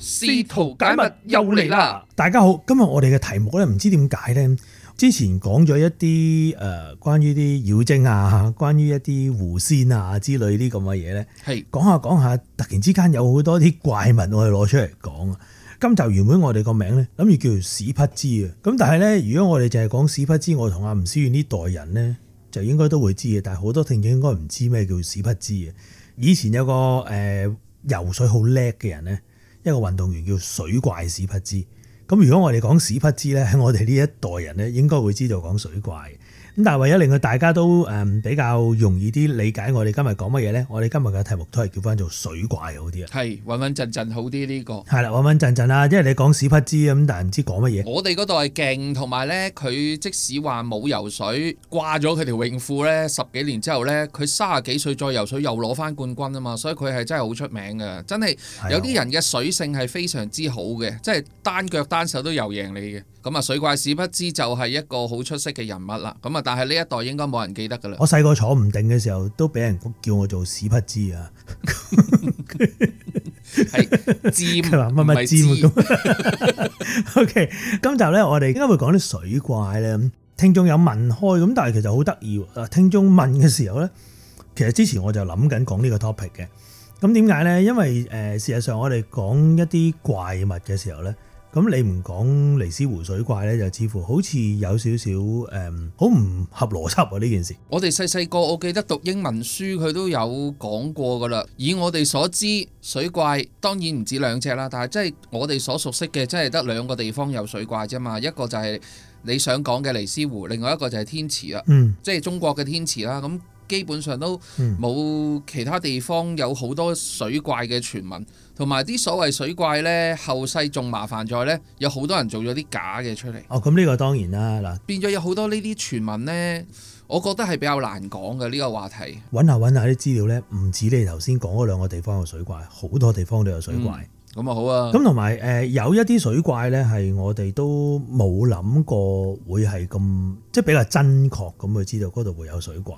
試圖解密又嚟啦！大家好，今日我哋嘅題目咧，唔知點解咧，之前講咗一啲誒，關於啲妖精啊，關於一啲狐仙啊之類啲咁嘅嘢咧，係講下講下，突然之間有好多啲怪物我哋攞出嚟講啊！今集原本我哋個名咧諗住叫做「史畢茲」啊，咁但係咧，如果我哋淨係講史畢茲，我同阿吳思遠呢代人咧就應該都會知嘅，但係好多聽眾應該唔知咩叫史畢茲啊！以前有個誒、呃、游水好叻嘅人咧。一個運動員叫水怪史畢茲。咁如果我哋講史畢茲咧，喺我哋呢一代人咧，應該會知道講水怪。咁但係為咗令到大家都比較容易啲理解，我哋今日講乜嘢呢？我哋今日嘅題目都係叫翻做水怪返返返返好啲啊，係穩穩陣陣好啲呢個係啦，穩穩陣陣啦，因為你講屎忽知咁，但係唔知講乜嘢。我哋嗰度係勁，同埋呢，佢即使話冇游水掛咗佢條泳褲呢，十幾年之後呢，佢三十幾歲再游水又攞翻冠軍啊嘛，所以佢係真係好出名嘅，真係有啲人嘅水性係非常之好嘅，即係單腳單手都游贏你嘅。咁啊，水怪史畢茲就係一個好出色嘅人物啦。咁啊，但係呢一代應該冇人記得噶啦。我細個坐唔定嘅時候，都俾人叫我做史畢茲啊。係茲啊，乜乜茲？OK，今集咧，我哋應該會講啲水怪咧。聽眾有問開，咁但係其實好得意。誒，聽眾問嘅時候咧，其實之前我就諗緊講呢個 topic 嘅。咁點解咧？因為誒、呃，事實上我哋講一啲怪物嘅時候咧。咁你唔講尼斯湖水怪呢，就似乎好似有少少誒，好、嗯、唔合邏輯啊！呢件事，我哋細細個，我記得讀英文書佢都有講過噶啦。以我哋所知，水怪當然唔止兩隻啦，但係真係我哋所熟悉嘅，真係得兩個地方有水怪啫嘛。一個就係你想講嘅尼斯湖，另外一個就係天池啦、嗯，即係中國嘅天池啦。咁。基本上都冇其他地方有好多水怪嘅傳聞，同埋啲所謂水怪呢，後世仲麻煩在呢，有好多人做咗啲假嘅出嚟。哦，咁呢個當然啦，嗱，變咗有好多呢啲傳聞呢，我覺得係比較難講嘅呢個話題。揾下揾下啲資料呢，唔止你頭先講嗰兩個地方有水怪，好多地方都有水怪。咁啊、嗯、好啊。咁同埋誒有一啲水怪呢，係我哋都冇諗過會係咁，即係就係比較準確咁去知道嗰度會有水怪。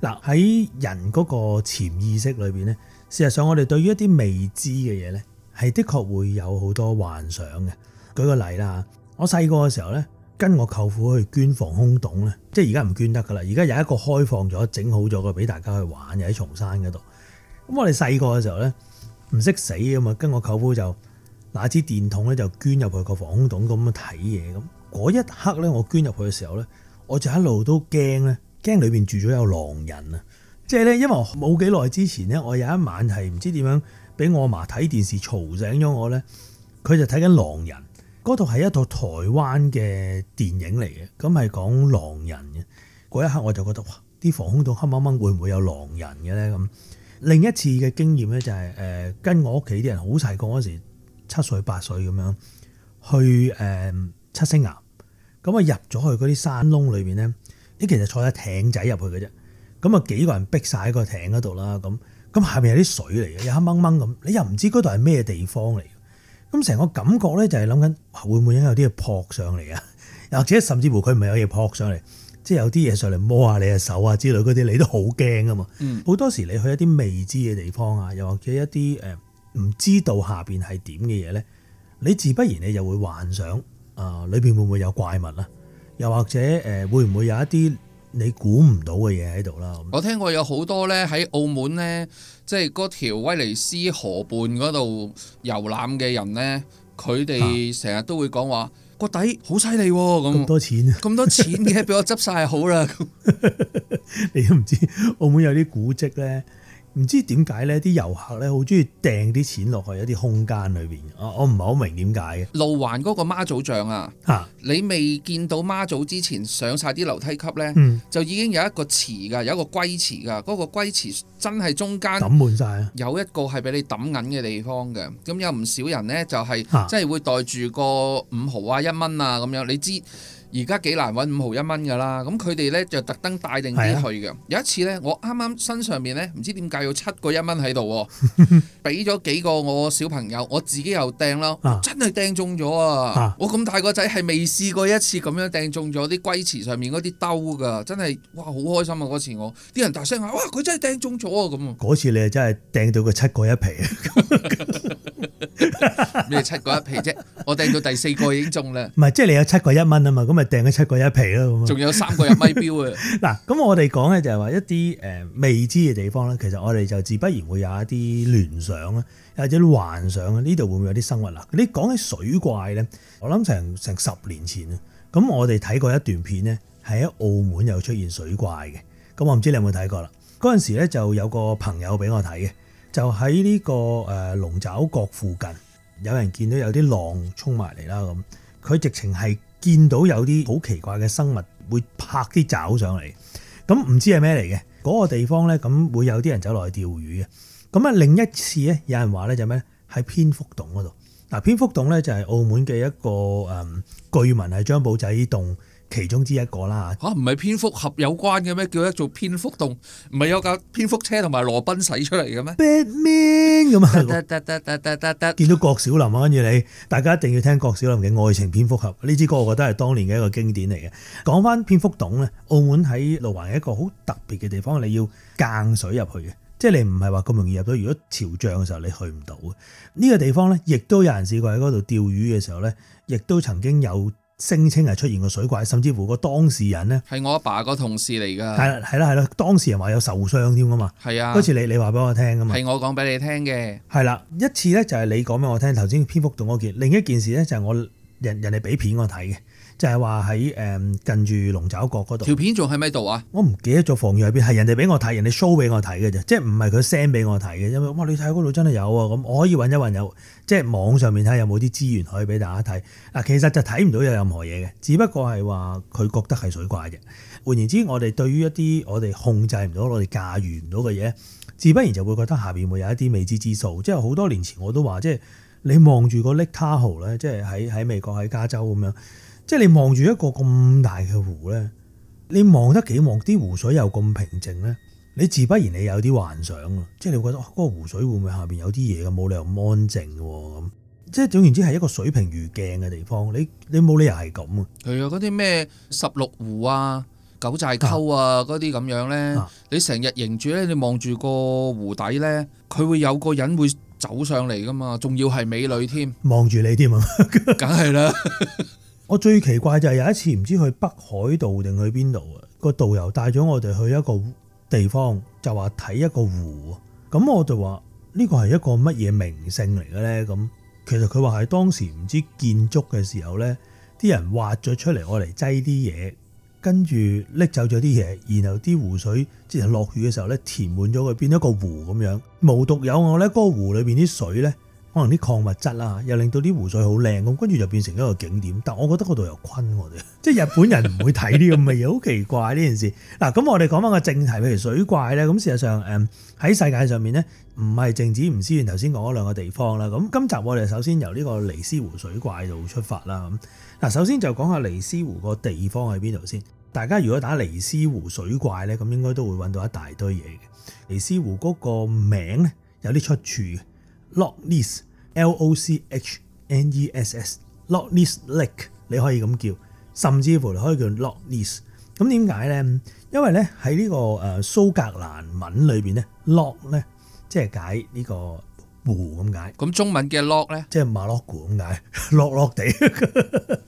嗱，喺人嗰個潛意識裏邊，咧，事實上我哋對於一啲未知嘅嘢咧，係的確會有好多幻想嘅。舉個例啦，我細個嘅時候咧，跟我舅父去捐防空洞咧，即係而家唔捐得噶啦，而家有一個開放咗、整好咗個俾大家去玩，就喺松山嗰度。咁我哋細個嘅時候咧，唔識死啊嘛，跟我舅父就拿支電筒咧，就捐入去個防空洞咁樣睇嘢。咁嗰一刻咧，我捐入去嘅時候咧，我就一路都驚咧。驚裏邊住咗有狼人啊！即係咧，因為冇幾耐之前咧，我有一晚係唔知點樣俾我阿嫲睇電視嘈醒咗我咧，佢就睇緊狼人嗰度係一套台灣嘅電影嚟嘅，咁係講狼人嘅。嗰一刻我就覺得哇，啲防空洞黑掹掹，會唔會有狼人嘅咧？咁另一次嘅經驗咧就係、是、誒、呃，跟我屋企啲人好細個嗰時，七歲八歲咁樣去誒、呃、七星岩，咁啊入咗去嗰啲山窿裏邊咧。你其實坐喺艇仔入去嘅啫，咁啊幾個人逼晒喺個艇嗰度啦，咁咁下面有啲水嚟嘅，又黑掹掹咁，你又唔知嗰度係咩地方嚟，咁成個感覺咧就係諗緊會唔會有啲嘢撲上嚟啊，或者甚至乎佢唔係有嘢撲上嚟，即係有啲嘢上嚟摸下你嘅手啊之類嗰啲，你都好驚噶嘛。好多時你去一啲未知嘅地方啊，又或者一啲誒唔知道下邊係點嘅嘢咧，你自不然你又會幻想啊裏邊會唔會有怪物啊？又或者誒，會唔會有一啲你估唔到嘅嘢喺度啦？我聽過有好多咧，喺澳門咧，即係嗰條威尼斯河畔嗰度遊覽嘅人咧，佢哋成日都會講話個底好犀利喎，咁多錢，咁多錢嘅俾我執晒好啦。你都唔知澳門有啲古蹟咧。唔知點解呢啲遊客呢好中意掟啲錢落去一啲空間裏邊，我我唔係好明點解。路環嗰個媽祖像啊，嚇、啊！你未見到媽祖之前，上晒啲樓梯級呢，嗯、就已經有一個池噶，有一個龜池噶，嗰、那個龜池真係中間抌滿晒，有一個係俾你抌銀嘅地方嘅。咁有唔少人呢，就係、是，即係會袋住個五毫啊、一蚊啊咁樣，你知。而家幾難揾五毫一蚊噶啦，咁佢哋呢就特登帶定啲去嘅。是啊、有一次呢，我啱啱身上面呢，唔知點解有七個一蚊喺度，俾咗 幾個我小朋友，我自己又掟咯，啊、真係掟中咗啊我！我咁大個仔係未試過一次咁樣掟中咗啲龜池上面嗰啲兜㗎，真係哇好開心啊！嗰次我啲人大聲話：「哇佢真係掟中咗啊！咁嗰次你係真係掟到個七個一皮。咩 七個一皮啫？ 我掟到第四個已經中啦。唔係，即係你有七個一蚊啊嘛，咁咪掟咗七個一皮咯。咁仲有三個一米標啊。嗱，咁我哋講咧就係話一啲誒未知嘅地方咧，其實我哋就自不然會有一啲聯想啊，或者幻想啊，呢度會唔會有啲生物啦。你講起水怪咧，我諗成成十年前啦，咁我哋睇過一段片咧，喺澳門又出現水怪嘅。咁我唔知你有冇睇過啦。嗰陣時咧就有個朋友俾我睇嘅。就喺呢個誒龍爪角附近，有人見到有啲浪沖埋嚟啦咁，佢直情係見到有啲好奇怪嘅生物會拍啲爪上嚟，咁唔知係咩嚟嘅。嗰個地方咧，咁會有啲人走落去釣魚嘅。咁啊，另一次咧，有人話咧就咩咧，喺蝙蝠洞嗰度。嗱，蝙蝠洞咧就係澳門嘅一個誒，據聞係張保仔洞。其中之一個啦嚇，唔、啊、係蝙蝠俠有關嘅咩？叫一做蝙蝠洞，唔係有架蝙蝠車同埋羅賓使出嚟嘅咩？Batman 咁啊！得得得得得得！見到郭小林啊，跟住你，大家一定要聽郭小林嘅愛情蝙蝠俠呢支歌，我覺得係當年嘅一個經典嚟嘅。講翻蝙蝠洞咧，澳門喺路環一個好特別嘅地方，你要硬水入去嘅，即係你唔係話咁容易入到。如果潮漲嘅時候，你去唔到。呢、呢個地方咧，亦都有人試過喺嗰度釣魚嘅時候咧，亦都曾經有。聲稱係出現個水怪，甚至乎個當事人咧係我阿爸個同事嚟噶，係啦係啦係啦，當事人話有受傷添噶嘛，係啊，嗰次你你話俾我聽噶嘛，係我講俾你聽嘅，係啦，一次咧就係你講俾我聽頭先蝙蝠洞嗰件，另一件事咧就係我人人哋俾片我睇嘅。就係話喺誒近住龍爪角嗰度條片仲喺咩度啊？我唔記得咗放喺邊，係人哋俾我睇，人哋 show 俾我睇嘅啫，即係唔係佢 send 俾我睇嘅。因為哇，你睇嗰度真係有啊，咁我可以揾一揾有，即係網上面睇下有冇啲資源可以俾大家睇。嗱，其實就睇唔到有任何嘢嘅，只不過係話佢覺得係水怪啫。換言之，我哋對於一啲我哋控制唔到、我哋駕馭唔到嘅嘢，自不然就會覺得下邊會有一啲未知之數。即係好多年前我都話，即係你望住個 Lake Tahoe 咧，即係喺喺美國喺加州咁樣。即係你望住一個咁大嘅湖咧，你望得幾望啲湖水又咁平靜咧，你自不然你有啲幻想咯。即係你覺得嗰個湖水會唔會下邊有啲嘢嘅？冇理由安靜嘅，咁即係總言之係一個水平如鏡嘅地方。你你冇理由係咁啊。係啊，嗰啲咩十六湖啊、九寨溝啊嗰啲咁樣咧，你成日迎住咧，你望住個湖底咧，佢會有個人會走上嚟噶嘛？仲要係美女添，望住你添啊，梗係啦。 我最奇怪就係有一次唔知去北海道定去邊度啊，個導遊帶咗我哋去一個地方，就話睇一個湖。咁我就話呢個係一個乜嘢名勝嚟嘅呢？咁其實佢話係當時唔知建築嘅時候呢，啲人挖咗出嚟我嚟擠啲嘢，跟住拎走咗啲嘢，然後啲湖水即係落雨嘅時候呢，填滿咗佢，變咗個湖咁樣。無獨有偶呢嗰、嗰個湖裏邊啲水呢。可能啲礦物質啦，又令到啲湖水好靚咁，跟住就變成一個景點。但我覺得嗰度又昆我哋，即係日本人唔會睇啲咁嘅嘢，好 奇怪呢件事。嗱，咁我哋講翻個正題，譬如水怪咧，咁事實上，誒喺世界上面咧，唔係淨止唔思遠頭先講嗰兩個地方啦。咁今集我哋首先由呢個尼斯湖水怪度出發啦。咁嗱，首先就講下尼斯湖個地方喺邊度先。大家如果打尼斯湖水怪咧，咁應該都會搵到一大堆嘢嘅。尼斯湖嗰個名咧有啲出處。Lochness，L-O-C-H-N-E-S-S，Lochness Lake 你可以咁叫，甚至乎你可以叫 Lochness。咁點解咧？因為咧喺呢個誒蘇格蘭文裏邊咧，Lo k c 咧，即係解呢個湖咁解。咁中文嘅 Lock 咧，即係馬落 k 咁解，落 k 地。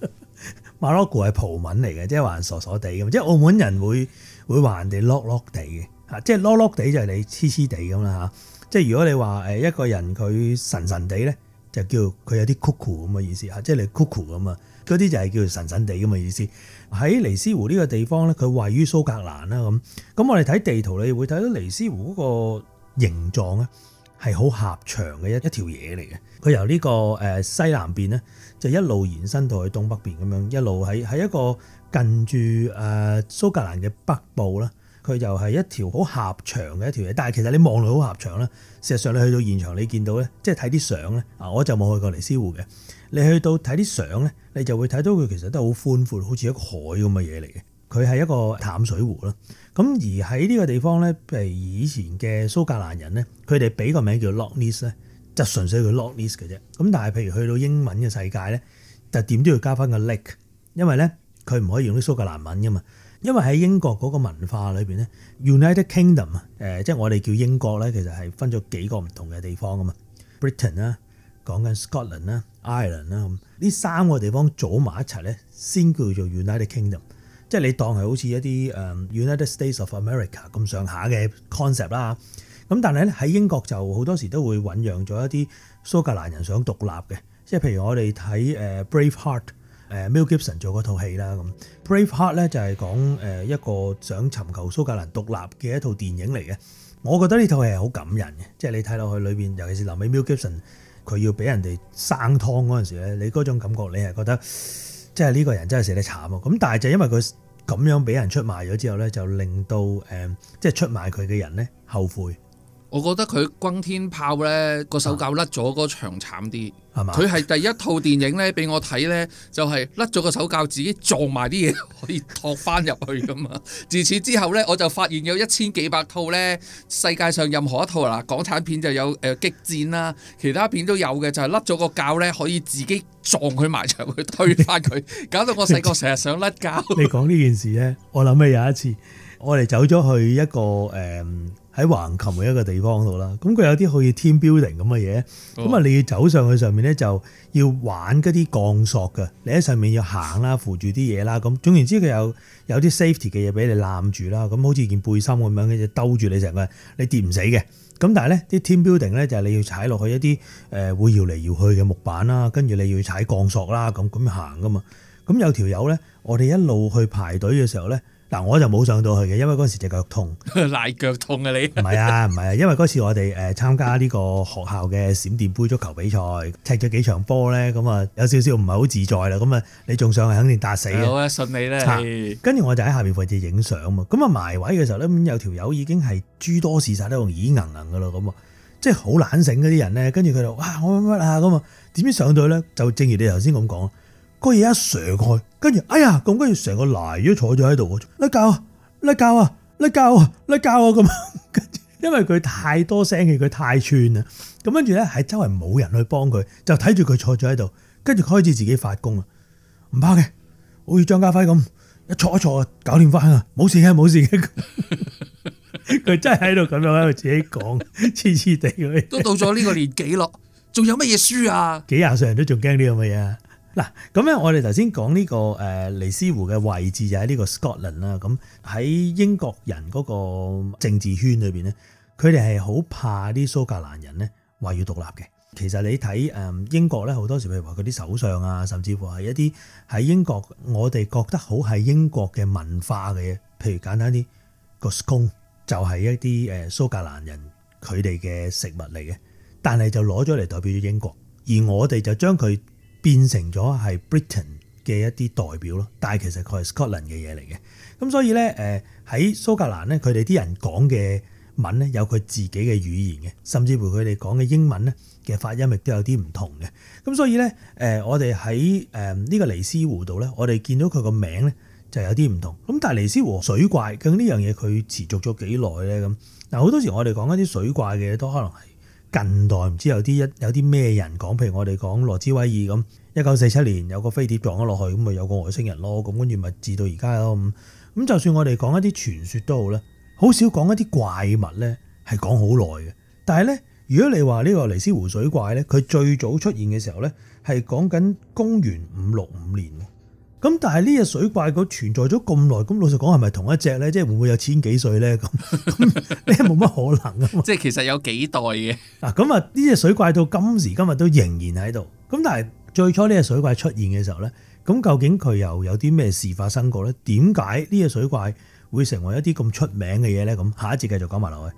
馬落 k 係葡文嚟嘅，即係話傻傻地咁。即係澳門人會會話人哋 lock 地嘅，啊，即係 lock 地就係你黐黐地咁啦嚇。即係如果你話誒一個人佢神神地咧，就叫佢有啲 cuckoo 咁嘅意思嚇，即係你 cuckoo 咁啊，嗰啲就係叫神神地咁嘅意思。喺尼斯湖呢個地方咧，佢位於蘇格蘭啦咁。咁我哋睇地圖，你會睇到尼斯湖嗰個形狀咧係好狹長嘅一一條嘢嚟嘅。佢由呢個誒西南邊咧，就一路延伸到去東北邊咁樣，一路喺喺一個近住誒蘇格蘭嘅北部啦。佢就係一條好狹長嘅一條嘢，但係其實你望落去好狹長啦。事實上你去到現場，你見到咧，即係睇啲相咧，啊我就冇去過尼斯湖嘅。你去到睇啲相咧，你就會睇到佢其實都好寬闊，好似一個海咁嘅嘢嚟嘅。佢係一個淡水湖啦。咁而喺呢個地方咧，譬如以前嘅蘇格蘭人咧，佢哋俾個名叫 Loch Ness 咧，就純粹佢 Loch Ness 嘅啫。咁但係譬如去到英文嘅世界咧，就點都要加翻個 lake，因為咧佢唔可以用啲蘇格蘭文噶嘛。因為喺英國嗰個文化裏邊咧，United Kingdom 啊，誒即係我哋叫英國咧，其實係分咗幾個唔同嘅地方噶嘛，Britain 啦，講緊 Scotland 啦，Ireland 啦，咁呢三個地方組埋一齊咧，先叫做 United Kingdom，即係你當係好似一啲誒 United States of America 咁上下嘅 concept 啦，咁但係咧喺英國就好多時都會醖釀咗一啲蘇格蘭人想獨立嘅，即係譬如我哋睇誒 Brave Heart。誒 Mel Gibson 做嗰套戲啦，咁 Braveheart 咧就係講誒一個想尋求蘇格蘭獨立嘅一套電影嚟嘅。我覺得呢套戲係好感人嘅，即係你睇落去裏邊，尤其是臨尾 Mel Gibson 佢要俾人哋生湯嗰陣時咧，你嗰種感覺你係覺得即係呢個人真係死得慘。咁但係就因為佢咁樣俾人出賣咗之後咧，就令到誒即係出賣佢嘅人咧後悔。我覺得佢轟天炮咧個手教甩咗嗰場慘啲。佢係第一套電影咧，俾我睇呢，就係甩咗個手教自己撞埋啲嘢可以托翻入去噶嘛。自此之後呢，我就發現有一千幾百套呢，世界上任何一套啦，港產片就有誒、呃、激戰啦，其他片都有嘅，就係甩咗個教呢可以自己撞佢埋牆，去推翻佢， 搞到我細個成日想甩教。你講呢件事呢，我諗起有一次，我哋走咗去一個誒。呃喺橫琴嘅一個地方度啦，咁佢有啲好似 team building 咁嘅嘢，咁、嗯、啊你要走上去上面咧，就要玩嗰啲鋼索嘅，你喺上面要行啦，扶住啲嘢啦，咁總言之佢有有啲 safety 嘅嘢俾你攬住啦，咁好似件背心咁樣嘅兜住你成日，你跌唔死嘅。咁但係咧啲 team building 咧就係你要踩落去一啲誒、呃、會搖嚟搖去嘅木板啦，跟住你要踩鋼索啦，咁咁行噶嘛。咁有條友咧，我哋一路去排隊嘅時候咧。嗱，我就冇上到去嘅，因為嗰時隻腳痛，賴腳痛啊你！唔係啊，唔係啊，因為嗰次我哋誒參加呢個學校嘅閃電杯足球比賽，踢咗幾場波咧，咁啊有少少唔係好自在啦，咁啊你仲上去肯定打死好啊，我信你咧，跟住我就喺下面為住影相啊嘛，咁啊埋位嘅時候咧，有條友已經係諸多事實都已經硬硬㗎啦，咁啊即係好懶醒嗰啲人咧，跟住佢就哇我乜乜啊咁啊，點知上到去咧就正如你頭先咁講。嗰個嘢一上去，跟住哎呀咁，跟住成個瀨咗坐咗喺度，甩骹啊，甩骹啊，甩骹啊，甩骹啊咁。跟住，因為佢太多聲氣，佢太串啦。咁跟住咧喺周圍冇人去幫佢，就睇住佢坐咗喺度，跟住開始自己發功啊，唔怕嘅，好似張家輝咁一坐一坐啊，搞掂返啊，冇事嘅，冇事嘅。佢 真係喺度咁樣喺度自己講，黐黐地。都到咗呢個年紀咯，仲有乜嘢輸啊？幾廿歲人都仲驚呢個乜嘢？嗱，咁咧，我哋頭先講呢個誒尼斯湖嘅位置就喺呢個 Scotland 啦。咁喺英國人嗰個政治圈裏邊咧，佢哋係好怕啲蘇格蘭人咧話要獨立嘅。其實你睇誒英國咧好多時，譬如話佢啲首相啊，甚至乎係一啲喺英國我哋覺得好係英國嘅文化嘅嘢，譬如簡單啲個 scone 就係一啲誒蘇格蘭人佢哋嘅食物嚟嘅，但係就攞咗嚟代表咗英國，而我哋就將佢。變成咗係 Britain 嘅一啲代表咯，但係其實佢係 Scotland 嘅嘢嚟嘅，咁所以咧誒喺蘇格蘭咧，佢哋啲人講嘅文咧有佢自己嘅語言嘅，甚至乎佢哋講嘅英文咧嘅發音亦都有啲唔同嘅，咁所以咧誒我哋喺誒呢個尼斯湖度咧，我哋見到佢個名咧就有啲唔同，咁但係尼斯湖水怪究竟呢樣嘢佢持續咗幾耐咧咁，嗱好多時我哋講一啲水怪嘅嘢都可能係。近代唔知有啲一有啲咩人講，譬如我哋講羅斯威爾咁，一九四七年有個飛碟撞咗落去，咁咪有個外星人咯，咁跟住咪至到而家咯。咁咁就算我哋講一啲傳說都好咧，好少講一啲怪物咧係講好耐嘅。但係咧，如果你話呢個尼斯湖水怪咧，佢最早出現嘅時候咧係講緊公元五六五年。咁但係呢隻水怪佢存在咗咁耐，咁老實講係咪同一隻咧？即係會唔會有千幾歲咧？咁咁呢冇乜可能啊！即係其實有幾代嘅。嗱咁啊，呢隻水怪到今時今日都仍然喺度。咁但係最初呢隻水怪出現嘅時候咧，咁究竟佢又有啲咩事發生過咧？點解呢隻水怪會成為一啲咁出名嘅嘢咧？咁下一節繼續講埋落去。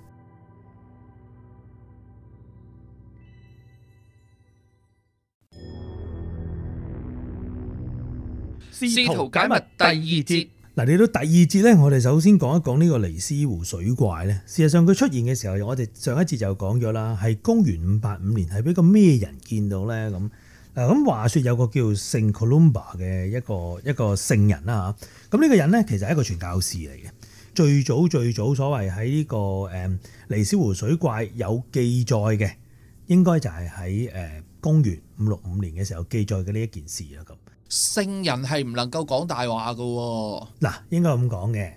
試圖解密第二節嗱，嚟到第二節咧，我哋首先講一講呢個尼斯湖水怪咧，事實上，佢出現嘅時候，我哋上一節就講咗啦，係公元五八五年，係俾個咩人見到咧咁？嗱，咁話說有個叫聖 Columba 嘅一個一個聖人啦嚇，咁呢個人咧其實係一個傳教士嚟嘅，最早最早所謂喺呢個誒尼斯湖水怪有記載嘅，應該就係喺誒公元五六五年嘅時候記載嘅呢一件事啦咁。聖人係唔能夠講大話噶，嗱，應該咁講嘅，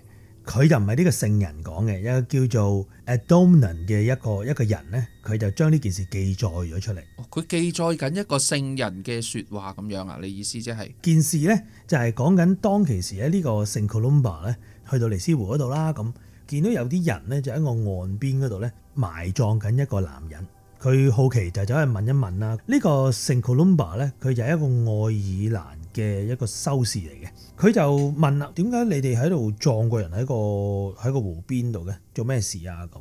佢就唔係呢個聖人講嘅，一個叫做 Adomnan 嘅一個一個人咧，佢就將呢件事記載咗出嚟。佢、哦、記載緊一個聖人嘅說話咁樣啊？你意思即、就、係、是？件事咧就係講緊當其時喺呢個聖 Columba 咧去到尼斯湖嗰度啦，咁見到有啲人咧就喺個岸邊嗰度咧埋葬緊一個男人，佢好奇就走去問一問啦。呢、這個聖 Columba 咧佢就係一個愛爾蘭。嘅一個修士嚟嘅，佢就問啊，點解你哋喺度撞過人，個人喺個喺個湖邊度嘅，做咩事啊？咁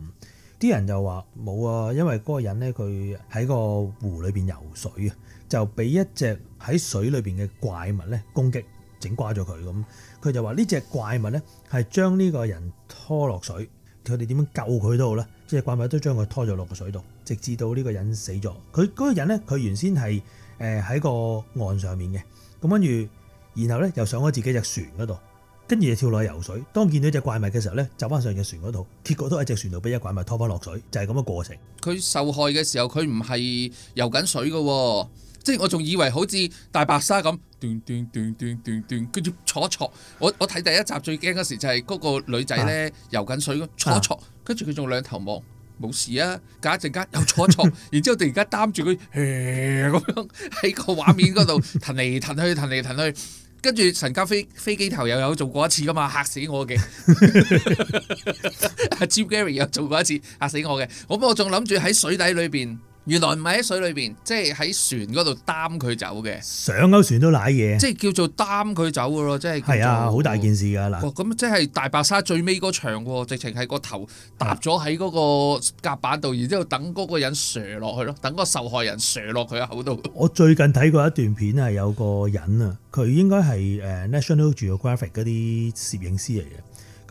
啲人就話冇啊，因為嗰個人咧佢喺個湖裏邊游水啊，就俾一隻喺水裏邊嘅怪物咧攻擊，整瓜咗佢咁。佢就話呢隻怪物咧係將呢將個人拖落水，佢哋點樣救佢都好咧，隻、這個、怪物都將佢拖咗落個水度，直至到呢個人死咗。佢嗰、那個人咧佢原先係誒喺個岸上面嘅。咁跟住，然後咧又上咗自己隻船嗰度，跟住就跳落去游水。當見到隻怪物嘅時候咧，就翻上隻船嗰度，結果都係隻船度俾隻怪物拖翻落水，就係咁嘅過程。佢受害嘅時候，佢唔係游緊水噶，即係我仲以為好似大白鯊咁，斷斷斷斷斷斷，跟住坐一坐。我我睇第一集最驚嗰時就係嗰個女仔咧游緊水咁坐一坐，跟住佢仲兩頭望。冇事啊，隔一陣間又錯一錯，然之後突然間擔住佢，咁、 呃、樣喺個畫面嗰度騰嚟騰去，騰嚟騰去，跟住神探飛飛機頭又有做過一次㗎嘛，嚇死我嘅！阿 Jim Gary 又做過一次，嚇死我嘅。我不過我仲諗住喺水底裏邊。原來唔係喺水裏邊，即係喺船嗰度擔佢走嘅。上嗰船都瀨嘢，即係叫做擔佢走嘅咯，即係。係啊，好大件事㗎嗱。咁即係大白鯊最尾嗰場喎，直情係個頭搭咗喺嗰個甲板度，然之後等嗰個人瀡落去咯，等嗰受害人瀡落佢口度。我最近睇過一段片啊，有個人啊，佢應該係誒 National Geographic 嗰啲攝影師嚟嘅，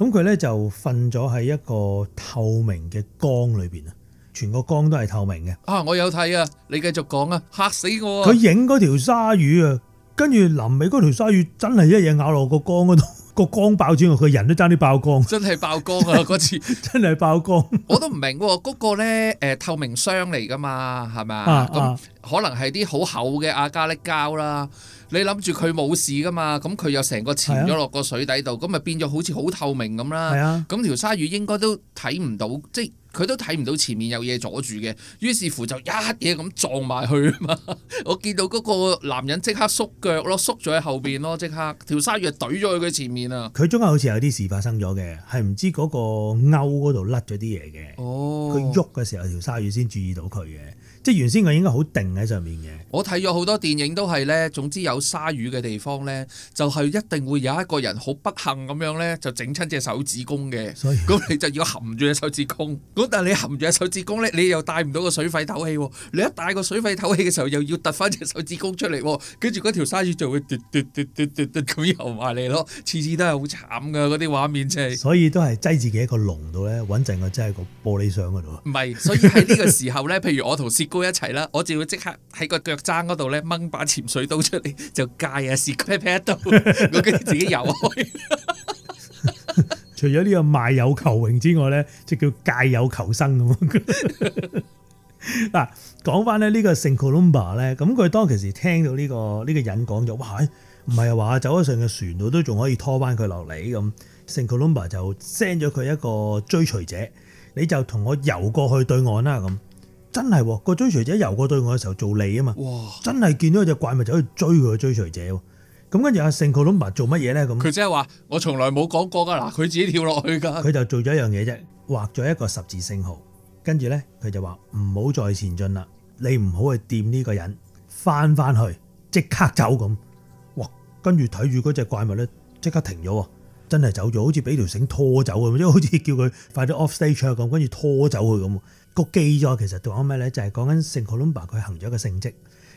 咁佢咧就瞓咗喺一個透明嘅缸裏邊啊。全個缸都係透明嘅啊！我有睇啊，你繼續講啊，嚇死我啊！佢影嗰條鯊魚啊，跟住臨尾嗰條鯊魚真係一嘢咬落個缸嗰度，個缸爆轉，佢人都爭啲爆缸，真係爆缸啊！嗰次真係爆缸，我都唔明嗰、嗰個咧誒、呃、透明箱嚟㗎嘛，係咪啊？咁、啊、可能係啲好厚嘅阿加力膠啦。你諗住佢冇事噶嘛？咁佢又成個潛咗落個水底度，咁咪、啊、變咗好似好透明咁啦。咁、啊、條鯊魚應該都睇唔到，即係佢都睇唔到前面有嘢阻住嘅。於是乎就一嘢咁撞埋去啊嘛！我見到嗰個男人即刻縮腳咯，縮咗喺後面咯，即刻條鯊魚啊懟咗佢前面啊！佢中間好似有啲事發生咗嘅，係唔知嗰個鈎嗰度甩咗啲嘢嘅。哦，佢喐嘅時候，條鯊魚先注意到佢嘅。即係原先佢應該好定喺上面嘅。我睇咗好多電影都係咧，總之有鯊魚嘅地方咧，就係一定會有一個人好不幸咁樣咧，就整親隻手指公嘅。所以咁你就要含住隻手指公。咁但係你含住隻手指公咧，你又帶唔到個水肺唞氣喎。你一帶個水肺唞氣嘅時候，又要突返隻手指公出嚟，跟住嗰條鯊魚就會嘟嘟嘟嘟嘟嘟咁游埋嚟咯。次次都係好慘㗎，嗰啲畫面真係。所以都係擠自己一個籠度咧，穩陣嘅擠喺個玻璃上嗰度。唔係，所以喺呢個時候咧，譬如我同都一齊啦！我就會即刻喺個腳踭嗰度咧掹把潛水刀出嚟，就戒啊！是 pat pat 到，我跟住自己游開。 除咗呢個賣友求榮之外咧，就叫戒友求生咁。嗱，講翻咧呢個聖哥倫巴咧，咁佢當其時聽到呢、這個呢、這個人講咗，哇！唔係啊話走咗上嘅船度都仲可以拖翻佢落嚟咁。聖哥倫巴就 send 咗佢一個追隨者，你就同我游過去對岸啦咁。真係個、哦、追隨者游過對岸嘅時候做你啊嘛，哇！真係見到隻怪物，走去追佢嘅追隨者、哦，咁跟住阿聖哥倫巴做乜嘢咧？咁佢即係話我從來冇講過噶，嗱，佢自己跳落去噶，佢就做咗一樣嘢啫，畫咗一個十字聖號，跟住咧佢就話唔好再前進啦，你唔好去掂呢個人，翻翻去即刻走咁，哇！跟住睇住嗰隻怪物咧即刻停咗，真係走咗，好似俾條繩拖走咁，即好似叫佢快啲 off stage 咁，跟住拖走佢咁。個記載其實講咩咧？就係講緊聖科隆巴佢行咗一個聖跡，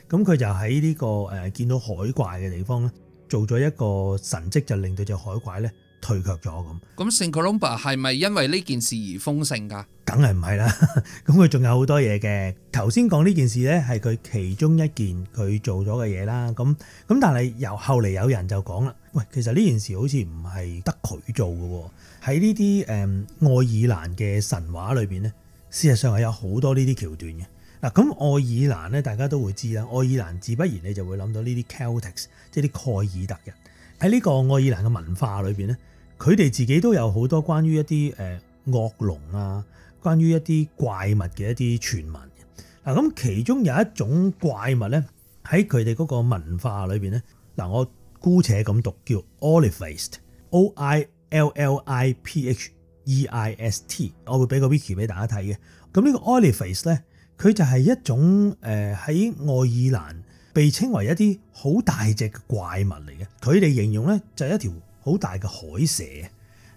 咁佢就喺呢個誒見到海怪嘅地方咧，做咗一個神跡，就令到隻海怪咧退卻咗咁。咁聖科隆巴係咪因為呢件事而封聖㗎？梗係唔係啦。咁佢仲有好多嘢嘅。頭先講呢件事咧，係佢其中一件佢做咗嘅嘢啦。咁咁，但係由後嚟有人就講啦，喂，其實呢件事好似唔係得佢做嘅喎。喺呢啲誒愛爾蘭嘅神話裏面咧。事實上係有好多這些橋呢啲橋段嘅嗱，咁愛爾蘭咧，大家都會知啦。愛爾蘭自不然你就會諗到呢啲 Celtics，即係啲蓋爾特人喺呢個愛爾蘭嘅文化裏邊咧，佢哋自己都有好多關於一啲誒惡龍啊，關於一啲怪物嘅一啲傳聞。嗱，咁其中有一種怪物咧，喺佢哋嗰個文化裏邊咧，嗱我姑且咁讀叫 Oilliphéist，O-I-L-L-I-P-H。E.I.S.T. 我會俾個 wiki 俾大家睇嘅。咁呢個 Oilliphéist 咧，佢就係一種誒喺、呃、愛爾蘭被稱為一啲好大隻嘅怪物嚟嘅。佢哋形容咧就係、是、一條好大嘅海蛇。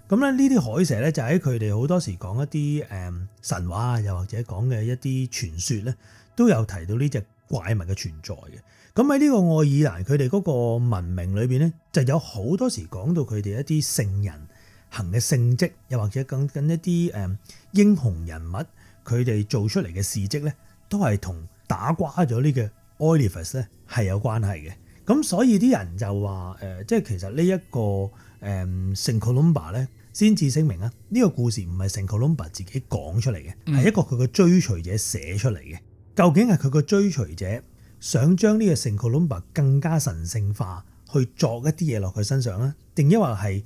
咁咧呢啲海蛇咧就喺佢哋好多時講一啲誒、嗯、神話啊，又或者講嘅一啲傳說咧，都有提到呢隻怪物嘅存在嘅。咁喺呢個愛爾蘭佢哋嗰個文明裏邊咧，就有好多時講到佢哋一啲聖人行嘅聖蹟，又或者更近一啲誒、嗯、英雄人物，佢哋做出嚟嘅事蹟咧，都係同打瓜咗呢個 Oilliphéist 咧係有關係嘅。咁所以啲人就話誒，即、呃、係其實、這個嗯、呢一個聖 Columba 咧，先至聲明啊，呢、這個故事唔係聖 Columba 自己講出嚟嘅，係一個佢嘅追隨者寫出嚟嘅、嗯。究竟係佢個追隨者想將呢個聖 Columba 更加神聖化，去作一啲嘢落佢身上啊？定抑或係？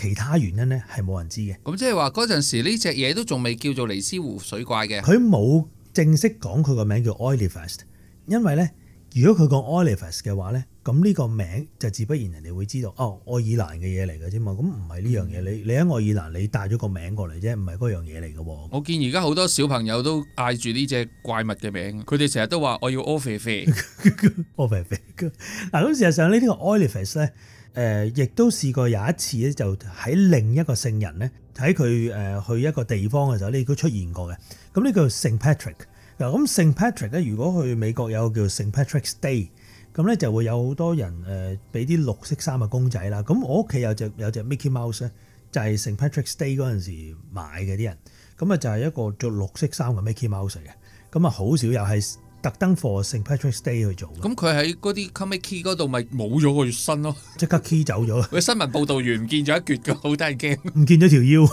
其他原因咧係冇人知嘅，咁即係話嗰陣時呢隻嘢都仲未叫做尼斯湖水怪嘅，佢冇正式講佢個名叫 Oilliphéist，因為咧如果佢講 Oilliphéist 嘅話咧，咁呢個名就自不然人哋會知道哦愛爾蘭嘅嘢嚟嘅啫嘛，咁唔係呢樣嘢，你你喺愛爾蘭你帶咗個名過嚟啫，唔係嗰樣嘢嚟嘅喎。我見而家好多小朋友都嗌住呢隻怪物嘅名，佢哋成日都話我要 Oilliphéist，Oilliphéist。嗱咁事實上呢啲個 Oilliphéist 咧。誒，亦都試過有一次咧，就喺另一個聖人咧，睇佢去一個地方嘅時候咧，都出現過嘅。咁呢個叫聖 Patrick 嗱，咁聖 Patrick 咧，如果去美國有個叫聖 Patrick's Day，咁咧就會有好多人誒俾啲綠色衫嘅公仔啦。咁我屋企有隻有隻 Mickey Mouse 咧，就係聖 Patrick's Day 嗰陣時買嘅啲人。咁啊，就係一個着綠色衫嘅 Mickey Mouse 嚟嘅。咁啊，好少有係。特登 for 聖 Patrick Day 去做嘅，咁佢喺嗰啲 comic key 嗰度咪冇咗佢身咯，即刻 key 走咗。佢新聞報導，完唔見咗一橛嘅，好都係驚，唔見咗條腰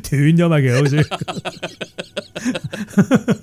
斷咗嘛，其實好似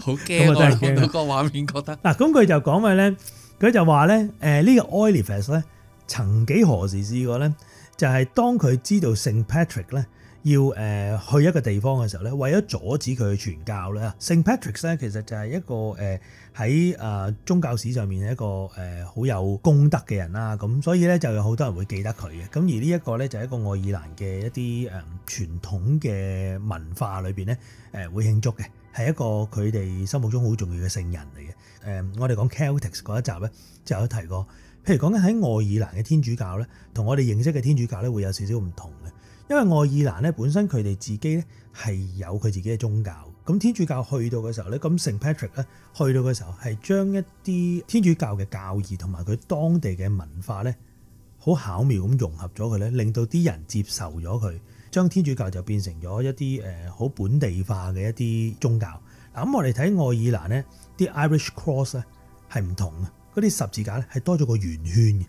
好驚。咁啊，都係驚。個畫面覺得嗱，咁佢就講咩咧？佢就話咧，誒呢個 Oilliphéist 咧，曾幾何時試過咧，就係當佢知道聖 Patrick 咧。要誒去一個地方嘅時候咧，為咗阻止佢去傳教咧，聖 Patrick 咧其實就係一個誒喺啊宗教史上面一個誒好有功德嘅人啦。咁所以咧就有好多人會記得佢嘅。咁而呢一個咧就係一個愛爾蘭嘅一啲誒傳統嘅文化裏邊咧誒會慶祝嘅，係一個佢哋心目中好重要嘅聖人嚟嘅。誒我哋講 Celtics 嗰一集咧，就有提過，譬如講緊喺愛爾蘭嘅天主教咧，同我哋認識嘅天主教咧會有少少唔同嘅。因為愛爾蘭咧本身佢哋自己咧係有佢自己嘅宗教，咁天主教去到嘅時候咧，咁聖 Patrick 咧去到嘅時候係將一啲天主教嘅教義同埋佢當地嘅文化咧，好巧妙咁融合咗佢咧，令到啲人接受咗佢，將天主教就變成咗一啲誒好本地化嘅一啲宗教。嗱咁我哋睇愛爾蘭咧，啲 Irish Cross 咧係唔同嘅，嗰啲十字架咧係多咗個圓圈嘅。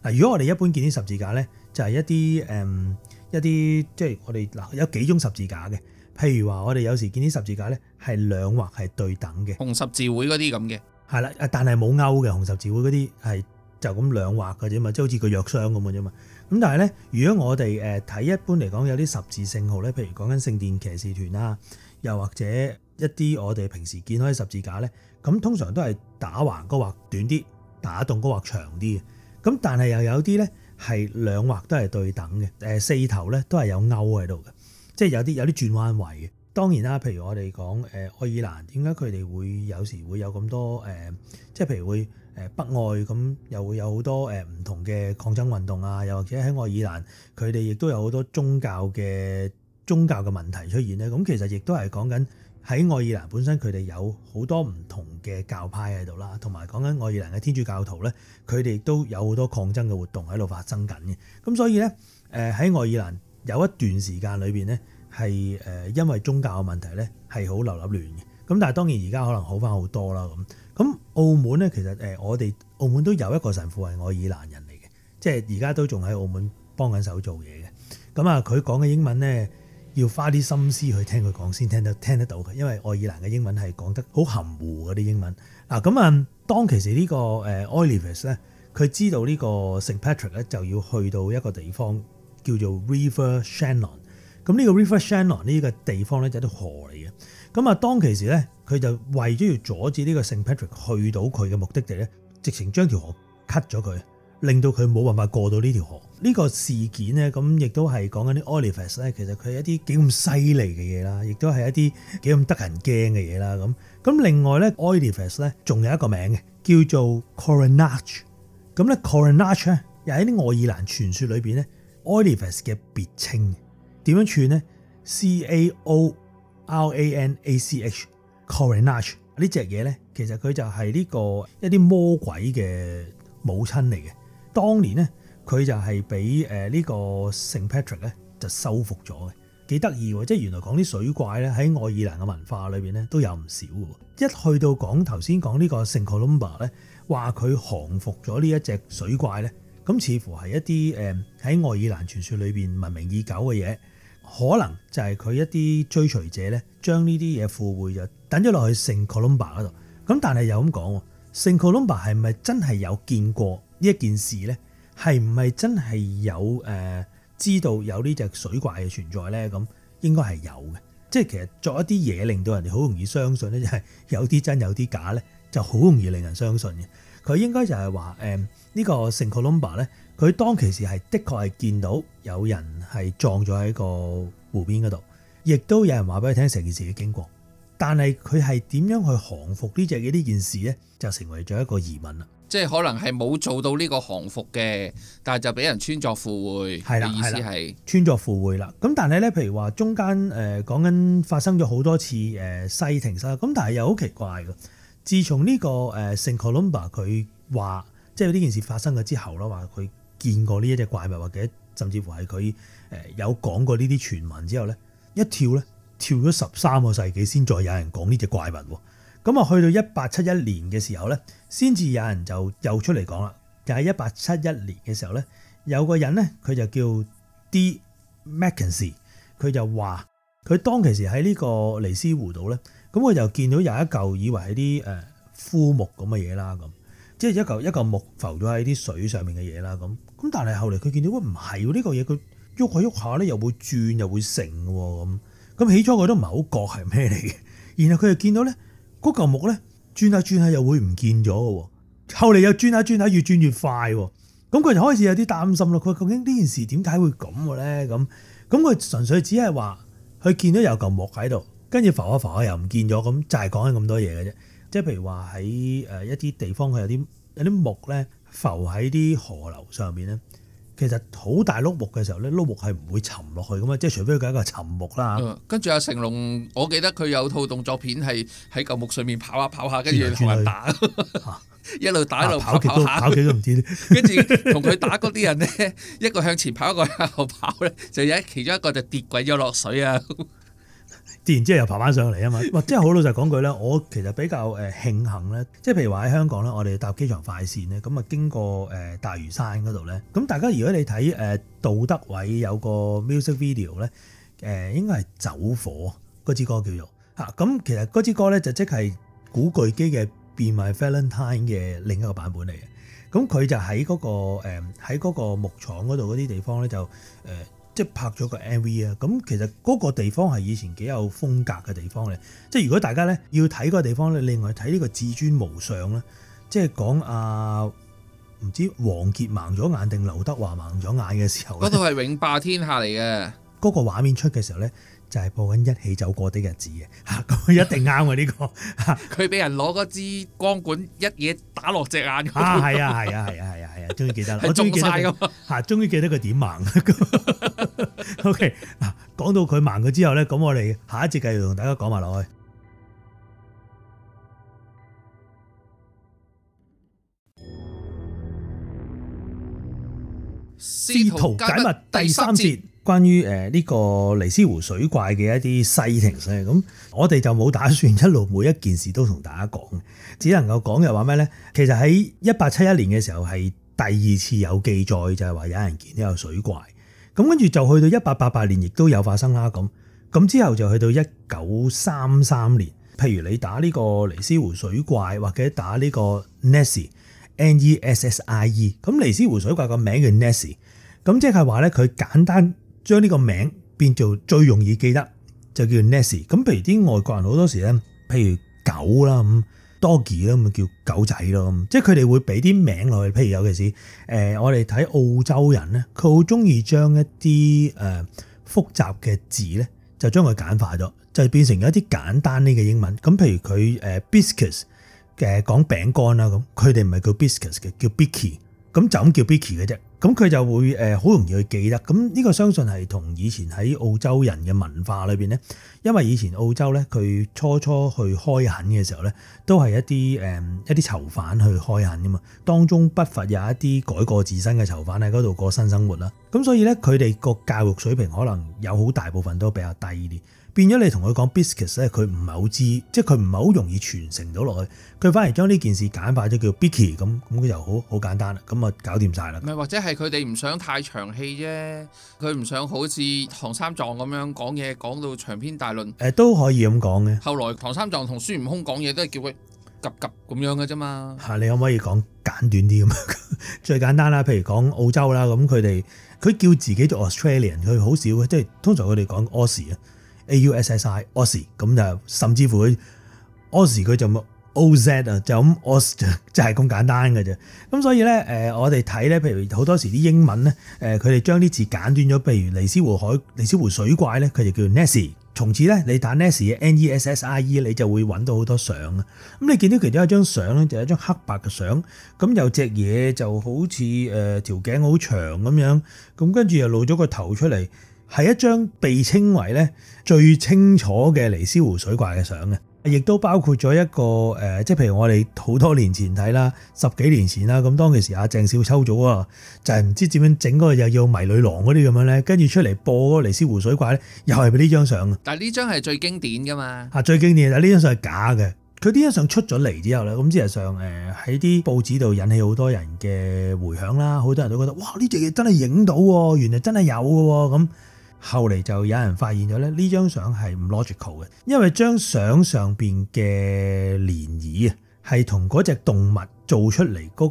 嗱如果我哋一般見啲十字架咧，就係一啲誒。嗯一啲即係我哋嗱有幾種十字架嘅，譬如話我哋有時見啲十字架咧係兩劃係對等嘅，紅十字會嗰啲咁嘅，係啦，但係冇勾嘅，紅十字會嗰啲係就咁兩劃嘅啫嘛，即係好似個藥箱咁樣啫嘛。咁但係咧，如果我哋誒睇一般嚟講有啲十字聖號咧，譬如講緊聖殿騎士團啊，又或者一啲我哋平時見開十字架咧，咁通常都係打橫嗰劃短啲，打棟嗰劃長啲嘅。咁但係又有啲咧。係兩畫都係對等嘅，誒四頭咧都係有勾喺度嘅，即係有啲有啲轉彎位嘅。當然啦，譬如我哋講誒愛爾蘭，點解佢哋會有時會有咁多誒、呃，即係譬如會誒北愛咁又會有好多誒唔同嘅抗爭運動啊，又或者喺愛爾蘭佢哋亦都有好多宗教嘅宗教嘅問題出現咧。咁其實亦都係講緊。喺愛爾蘭本身，佢哋有好多唔同嘅教派喺度啦，同埋講緊愛爾蘭嘅天主教徒咧，佢哋都有好多抗爭嘅活動喺度發生緊嘅。咁所以咧，誒喺愛爾蘭有一段時間裏邊咧，係誒因為宗教嘅問題咧，係好流流亂嘅。咁但係當然而家可能好返好多啦咁。咁澳門咧，其實誒我哋澳門都有一個神父係愛爾蘭人嚟嘅，即係而家都仲喺澳門幫緊手做嘢嘅。咁啊，佢講嘅英文咧～要花啲心思去聽佢講先聽得聽得到嘅，因為愛爾蘭嘅英文係講得好含糊嗰啲英文。嗱咁啊，當其時呢個誒 Oliver 咧，佢知道呢個 Saint Patrick 咧就要去到一個地方叫做 River Shannon。咁、這、呢個 River Shannon 呢個地方咧就係一條河嚟嘅。咁啊，當其時咧，佢就為咗要阻止呢個 Saint Patrick 去到佢嘅目的地咧，直情將條河 cut 咗佢，令到佢冇辦法過到呢條河。呢、這個事件咧，咁亦都係講緊啲 Oilliphéist 咧，其實佢係一啲幾咁犀利嘅嘢啦，亦都係一啲幾咁得人驚嘅嘢啦。咁咁另外咧 Oilliphéist 咧仲有一個名嘅，叫做 Caoranach 咁咧 Caoranach 咧，嗯、Caoranach，又喺啲愛爾蘭傳說裏邊咧 Oilliphéist 嘅別稱。點樣串咧？C A O R A N A C H Caoranach 呢隻嘢咧，其實佢就係呢、這個，一啲魔鬼嘅母親嚟嘅。當年咧。佢就係俾誒呢個聖 Patrick 咧就收服咗嘅，幾得意喎，即係原來講啲水怪咧喺愛爾蘭嘅文化裏邊咧都有唔少嘅。一去到講頭先講呢個聖 Columba 咧話佢降服咗呢一隻水怪咧，咁似乎係一啲誒喺愛爾蘭傳說裏邊聞名已久嘅嘢，可能就係佢一啲追隨者咧將呢啲嘢附會就等咗落去聖 Columba 嗰度。咁但係又咁講聖 Columba 係咪真係有見過呢一件事咧？係唔係真係有誒、呃、知道有呢隻水怪嘅存在咧？咁應該係有嘅，即係其實作一啲嘢令到人哋好容易相信咧，就係、是、有啲真有啲假咧，就好容易令人相信嘅。佢應該就係話誒呢個聖科隆巴咧，佢當其時係的確係見到有人係撞咗喺個湖邊嗰度，亦都有人話俾佢聽成件事嘅經過，但係佢係點樣去降服呢隻嘅呢件事咧，就成為咗一個疑問啦。即係可能係冇做到呢個降服嘅，但係就俾人穿鑿附會嘅意思係穿鑿附會啦。咁但係咧，譬如話中間誒講緊發生咗好多次誒、呃、西停失，咁但係又好奇怪㗎。自從呢、呢個誒、呃、聖科倫巴佢話，即係呢件事發生咗之後啦，話佢見過呢一隻怪物，或者甚至乎係佢誒有講過呢啲傳聞之後咧，一跳咧跳咗十三個世紀先再有人講呢隻怪物喎。咁啊，去到一八七一年嘅時候咧，先至有人就又出嚟講啦。就係一八七一年嘅時候咧，有個人咧，佢就叫 D. Mackenzie，佢就話佢當其時喺呢個尼斯湖度咧，咁佢就見到有一嚿以為係啲誒枯木咁嘅嘢啦，咁即係一嚿一嚿木浮咗喺啲水上面嘅嘢啦，咁咁但係後嚟佢見到，哇唔係喎，呢嚿嘢佢喐下喐下咧，又會轉又會成喎，咁咁起初佢都唔係好覺係咩嚟嘅，然後佢就見到咧。嗰嚿木咧，轉下轉下又會唔見咗嘅喎，後嚟又轉下轉下，越轉越快喎，咁佢就開始有啲擔心咯。佢究竟呢件事點解會咁嘅咧？咁咁佢純粹只係話佢見到有嚿木喺度，跟住浮下浮下又唔見咗，咁就係講緊咁多嘢嘅啫。即係譬如話喺誒一啲地方，佢有啲有啲木咧浮喺啲河流上面咧。其實好大碌木嘅時候咧，碌木係唔會沉落去嘅嘛，即係除非佢係一個沉木啦、嗯。跟住阿成龍，我記得佢有套動作片係喺嚿木上面跑下跑下，跟住同人打，轉啊轉啊打啊、一路打一路跑跑下、啊，跑幾多唔知，都唔知 跟住同佢打嗰啲人咧， 一個向前跑，一個向後跑咧，就有一其中一個就跌鬼咗落水啊！自然之後又爬翻上嚟啊嘛！即係好老實講句啦，我其實比較誒慶幸咧，即係譬如話喺香港咧，我哋搭機場快線咧，咁啊經過大嶼山嗰度咧，咁大家如果你睇誒杜德偉有個 music video 咧，誒應該係走火嗰支歌叫做《吓》啊。咁其實嗰支歌咧就即係古巨基嘅 Be My Valentine 嘅另一個版本嚟嘅，咁佢就喺嗰、嗰個喺嗰個木廠嗰度嗰啲地方咧就即拍咗個 MV 啊！咁其實嗰個地方係以前幾有風格嘅地方咧。即係如果大家咧要睇嗰個地方咧，另外睇呢個《至尊無上》咧，即係講啊唔知王傑盲咗眼定劉德華盲咗眼嘅時候，嗰度係永霸天下嚟嘅。嗰個畫面出嘅時候咧。就係、是、播緊一起走過的日子嘅吓，咁、啊、一定啱啊呢個！佢 俾人攞支光管一嘢打落隻眼的，啊係啊係啊係啊係啊係啊，終於、啊啊啊、記得啦！ 我終於記得吓，終、啊、於記得佢點盲。O K，嗱，講到佢盲咗之後咧，咁我哋下一節繼續同大家講埋落去。試圖解密第三節。關於誒呢個尼斯湖水怪嘅一啲細情咧，咁我哋就冇打算一路每一件事都同大家講，只能夠講就話咩咧？其實喺一八七一年嘅時候係第二次有記載，就係話有人見到有水怪，咁跟住就去到一八八八年亦都有發生啦。咁咁之後就去到一九三三年，譬如你打呢個尼斯湖水怪或者打呢個 Nessie N E S S I E，咁尼斯湖水怪個名叫 Nessie，咁即係話咧佢簡單。將呢個名變做最容易記得，就叫 Nessie。咁譬如啲外國人好多時咧，譬如狗啦咁，Doggy 啦咪叫狗仔咯，即係佢哋會俾啲名落去。譬如有陣時，誒我哋睇澳洲人咧，佢好中意將一啲、呃、複雜嘅字咧，就將佢簡化咗，就變成一啲簡單啲嘅英文。咁譬如佢 biscuits，誒講餅乾啦咁，佢哋唔係叫 biscuits 嘅，叫 bicky。咁就咁叫 Biki 嘅啫，咁佢就會好容易去記得，咁呢個相信係同以前喺澳洲人嘅文化裏面呢，因為以前澳洲呢，佢初初去開墾嘅時候呢，都係一啲、嗯、一啲囚犯去開墾噶嘛，當中不乏有一啲改過自新嘅囚犯喺嗰度過新生活啦，咁所以呢，佢哋個教育水平可能有好大部分都比較低啲。變咗，你同佢講 biscuits 咧，佢唔係好知，即係佢唔係好容易傳承到落去。佢反而將呢件事簡化咗，叫 biki 咁咁，佢就好好簡單啦。咁啊，搞掂晒啦。唔係，或者係佢哋唔想太長氣啫。佢唔想好似唐三藏咁樣講嘢講到長篇大論。誒、呃、都可以咁講嘅。後來唐三藏同孫悟空講嘢都係叫佢「急急」咁樣嘅啫嘛嚇。你可唔可以講簡短啲咁？ 最簡單啦，譬如講澳洲啦，咁佢哋佢叫自己做 Australian，佢好少，即係通常佢哋講 Aussie 啊。A U S S I a s i e 咁就甚至乎佢 aussie 佢就 O Z 啊就咁 A 就即係咁簡單嘅啫，咁所以咧，誒我哋睇咧，譬如好多時啲英文咧，誒佢哋將啲字簡短咗，譬如尼斯湖海尼斯湖水怪咧，佢就叫 Nessie。從此咧，你打 Nessie 嘅 Nessie N E S S I E，你就會揾到好多相。咁你見到其中一張相咧，就係一張黑白嘅相，咁有隻嘢就好似誒條頸好長咁樣，咁跟住又露咗個頭出嚟。係一張被稱為咧最清楚嘅尼斯湖水怪嘅相嘅，亦都包括咗一個誒，即係譬如我哋好多年前睇啦，十幾年前啦，咁當其時阿鄭少秋早啊，就係唔知點樣整嗰個又要迷女郎嗰啲咁樣咧，跟住出嚟播嗰個尼斯湖水怪咧，又係畀呢張相啊。但係呢張係最經典噶嘛？啊，最經典，但係呢張相係假嘅。佢呢張相出咗嚟之後咧，咁事實上誒喺啲報紙度引起好多人嘅迴響啦，好多人都覺得哇呢隻嘢真係影到喎，原來真係有嘅喎咁。後嚟就有人發現咗咧，呢張相係唔 logical 嘅，因為張相上邊嘅漣漪啊，係同嗰隻動物做出嚟嗰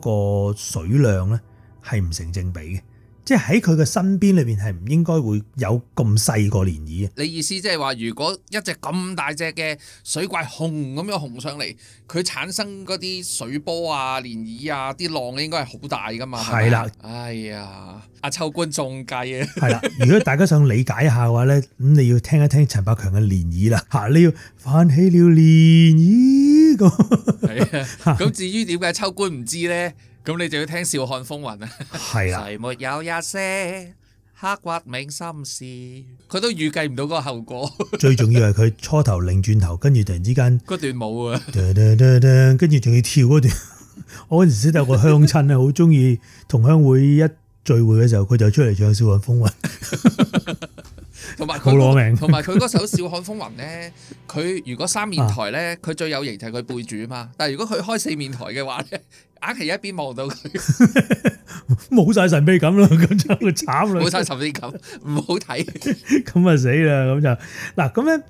個水量咧係唔成正比嘅。即喺佢嘅身邊裏邊係唔應該會有咁細個漣漪嘅。你意思即係話，如果一隻咁大隻嘅水怪紅咁樣紅上嚟，佢產生嗰啲水波啊、漣漪啊、啲浪應該係好大噶嘛？係啦，哎呀，阿秋官中計啊！係啦，如果大家想理解一下嘅話咧，咁你要聽一聽陳百強嘅《漣漪》啦。嚇，你要泛起了漣漪咁。係啊，咁至於點解秋官唔知咧？咁你就要聽《笑看風雲》啊！係啊，誰沒有一些刻骨銘心事？佢都預計唔到嗰個後果。最重要係佢初頭擰轉頭，跟住突然之間，嗰段舞啊！跟住仲要跳嗰段。我嗰陣時都有個鄉親啊，好中意同鄉會一聚會嘅時候，佢就出嚟唱《笑看風雲》，同埋好攞命。同埋佢嗰首《笑看風雲》咧，佢如果三面台咧，佢最有型就係佢背主啊嘛。但係如果佢開四面台嘅話咧。硬奇一邊望到佢，冇晒神秘感啦，咁就慘啦，冇晒神秘感，唔 不好睇看笑，咁啊死啦，咁就嗱，咁咧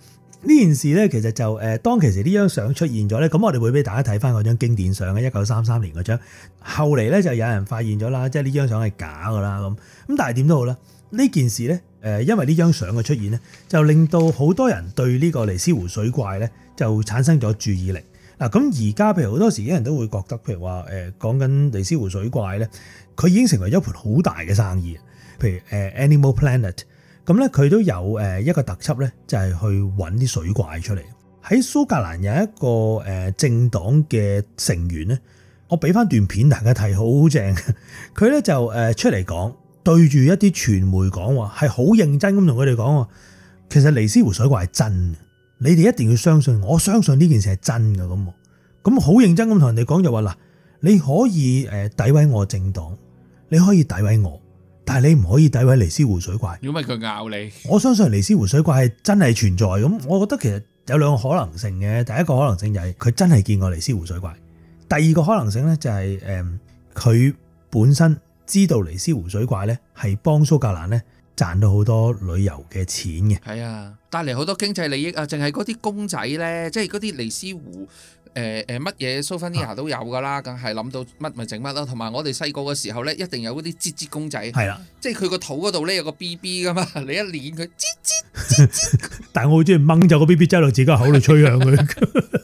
呢件事咧，其實就誒，當其實呢張相出現咗咧，咁我哋會俾大家睇翻嗰張經典相嘅一九三三年嗰張，後嚟咧就有人發現咗啦，即係呢張相係假噶啦，咁咁但係點都好啦，呢件事咧誒因為呢張相嘅出現咧，就令到好多人對呢個尼斯湖水怪咧就產生咗注意力。嗱，咁而家譬如好多時啲人都會覺得，譬如話誒講緊尼斯湖水怪咧，佢已經成為一盤好大嘅生意。譬如 Animal Planet，咁咧佢都有一個特輯咧，就係去揾啲水怪出嚟。喺蘇格蘭有一個誒政黨嘅成員咧，我俾翻段片大家睇，好正。佢咧就出嚟講，對住一啲傳媒講話，係好認真咁同佢哋講，其實尼斯湖水怪係真嘅。你哋一定要相信，我相信呢件事係真㗎。咁，咁好認真咁同人哋講就話嗱，你可以誒詆毀我政黨，你可以詆毀我，但係你唔可以詆毀尼斯湖水怪。如果唔係佢咬你，我相信尼斯湖水怪係真係存在。咁我覺得其實有兩個可能性嘅，第一個可能性就係佢真係見過尼斯湖水怪，第二個可能性呢，就是，就係誒佢本身知道尼斯湖水怪呢係幫蘇格蘭呢賺到好多旅遊嘅錢嘅。係啊。帶嚟好多經濟利益啊！淨係嗰啲公仔咧，即係嗰啲尼斯湖誒誒乜嘢，Souvenir 都有噶啦，梗係諗到乜咪整乜咯。同埋我哋細個嘅時候咧，一定有嗰啲吱吱公仔，係啦，即係佢個肚嗰度咧有個 B B 噶嘛，你一捻佢吱吱吱吱。但係我好中意掹走個 B B，揸落自己個口度吹響佢。